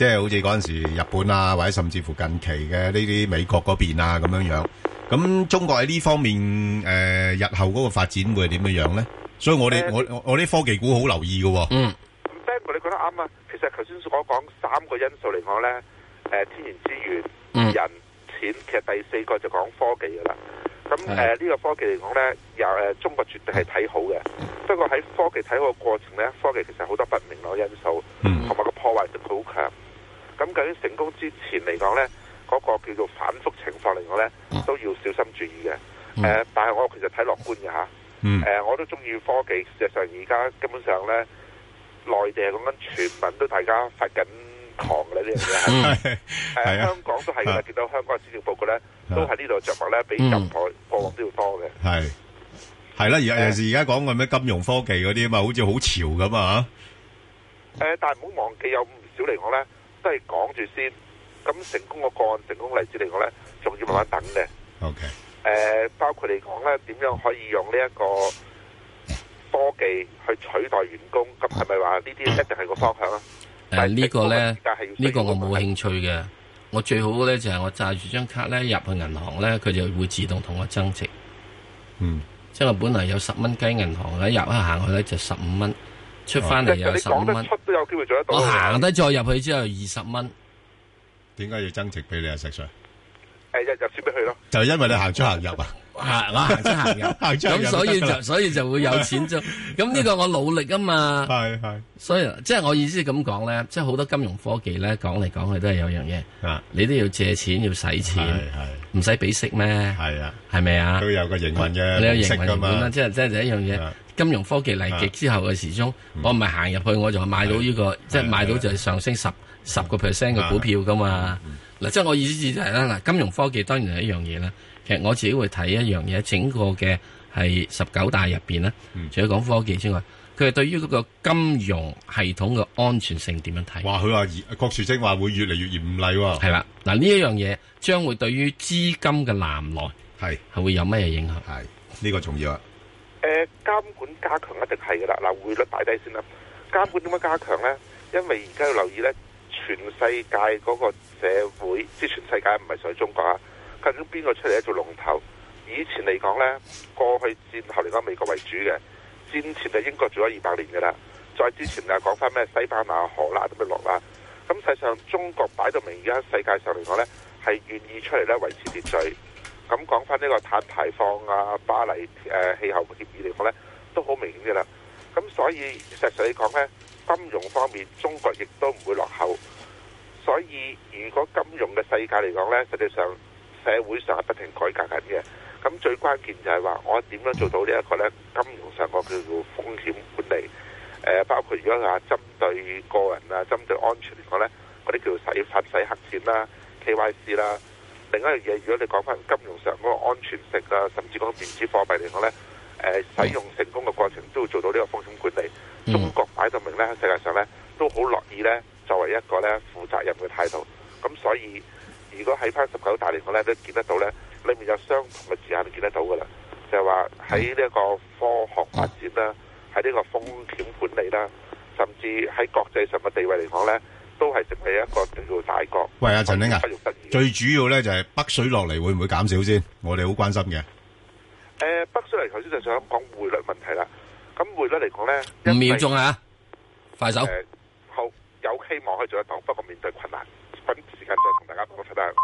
即係好似嗰陣時日本啊，或者甚至乎近期嘅呢啲美國嗰邊啊咁樣樣。咁中國喺呢方面誒日後嗰個發展會係點樣樣咧？所以、er、're 我哋我我啲科技股好留意嘅喎。嗯。唔得，你覺得啱啊！其實頭先所講三個因素嚟講咧，誒天然資源、人、錢，其實第四個就講科技㗎啦。咁誒呢個科技嚟講咧，又誒中國絕對係睇好嘅。不過喺科技睇好嘅過程咧，科技其實好多不明朗因素，同埋個破壞性好強。咁究竟成功之前嚟講咧，嗰個叫做反覆情況嚟講咧，都要小心注意嘅。誒，但係我其實睇樂觀嘅吓，誒，我都中意科技。事實上，而家基本上咧，內地係咁樣全民都大家發緊狂嘅呢樣嘢係。係啊，香港都係嘅。見到香港嘅施政報告咧，都喺呢度着墨咧，比任何過往都要多嘅。係係啦，而尤其是而家講嘅咩金融科技嗰啲啊嘛，好似好潮咁啊嚇。誒，但係唔好忘記有唔少嚟講咧。都係講住先，咁成功個案、成功例子嚟講呢，仲要慢慢等嘅。O K，誒，包括嚟講呢，點樣可以用呢一個科技去取代員工？咁係咪話呢啲一定係個方向啊？誒、呃，呢個、呢個呢，呃呢個、呢、呢個我冇興趣嘅。我最好呢，就係、係、我揸住張卡呢，入去銀行呢，佢就會自動同我增值。嗯，即係我本來有十蚊雞，銀行呢入一行去呢，就十五蚊。出翻嚟有十五蚊，我行得再入去之後二十蚊，點解要增值俾你啊石 Sir？誒，啊，日日輸俾佢咯，就因為你行出行入啊！ 係，行出行入，咁所以就所以就會有錢咗。咁呢個我努力啊嘛，係係，所以即係我意思咁講咧，即係好多金融科技咧，講嚟講去都係有樣嘢啊，你都要借錢要使錢，唔使俾息咩？係啊，係咪啊？都有個營運嘅，你有營運營運啦，即係即係第一樣嘢。金融科技嚟極之後嘅時鐘，我唔係行入去，我就係買到呢個，即係買到就係上升十十個 percent 嘅股票噶嘛。嗱，即係我意思就係啦，嗱，金融科技當然係一樣嘢啦。我自己會睇一樣嘢，整個嘅係十九大入邊咧，嗯、除咗講科技之外，佢哋對於嗰個金融系統嘅安全性點樣睇？話佢話郭樹清話會越嚟越嚴厲喎、啊。係啦，嗱、啊、呢一樣嘢將會對於資金嘅南來係係會有咩影響？係呢、呢個重要啊！誒、呃、監管加強一定係噶啦，嗱、啊、匯率擺低先啦，監管點樣加強咧？因為而家要留意咧，全世界嗰個社會，即係全世界唔係就喺中國啊。究竟邊個出嚟做龍頭？以前嚟講呢，過去戰後嚟講美國為主嘅，戰前啊，英國做咗二百年噶啦。再之前啊，講翻咩西班牙、荷蘭都未落啦。咁實際上中國擺到明，而家世界上嚟講呢，係願意出嚟呢維持秩序。咁講翻呢個碳排放啊、巴黎誒氣候協議嚟講呢，都好明顯嘅啦。咁所以實際上嚟講呢，金融方面中國亦都唔會落後。所以如果金融嘅世界嚟講呢，實際上。社會上係不停改革緊嘅，咁最關鍵就係話我點樣做到呢一個咧？金融上個叫做風險管理，誒、呃，包括如果話針對個人啊、針對安全嚟講咧，啲叫做洗刷洗黑錢啦、啊、KYC 啦。另一樣嘢，如果你講翻金融上嗰個安全性啊，甚至講電子貨幣嚟講呢，誒、呃，使用成功嘅過程都會做到呢個風險管理。嗯、中國擺到明呢，喺世界上呢都好樂意呢作為一個呢負責任嘅態度，咁所以。如果喺翻十九大嚟講咧，都見得到咧，裏面有相同嘅字眼都見得到噶啦，就係話喺呢一個科學發展啦，喺呢個風險管理啦，甚至喺國際上嘅地位嚟講咧，都係成為一個叫做大國。喂啊，陳警啊，最主要咧就係北水落嚟會唔會減少先？我哋好關心嘅。誒，北水嚟頭先就想講匯率問題啦。咁匯率嚟講咧，五秒鐘啊，快手。好，有希望可以做得到，不過面對困難，分時間再同大家講。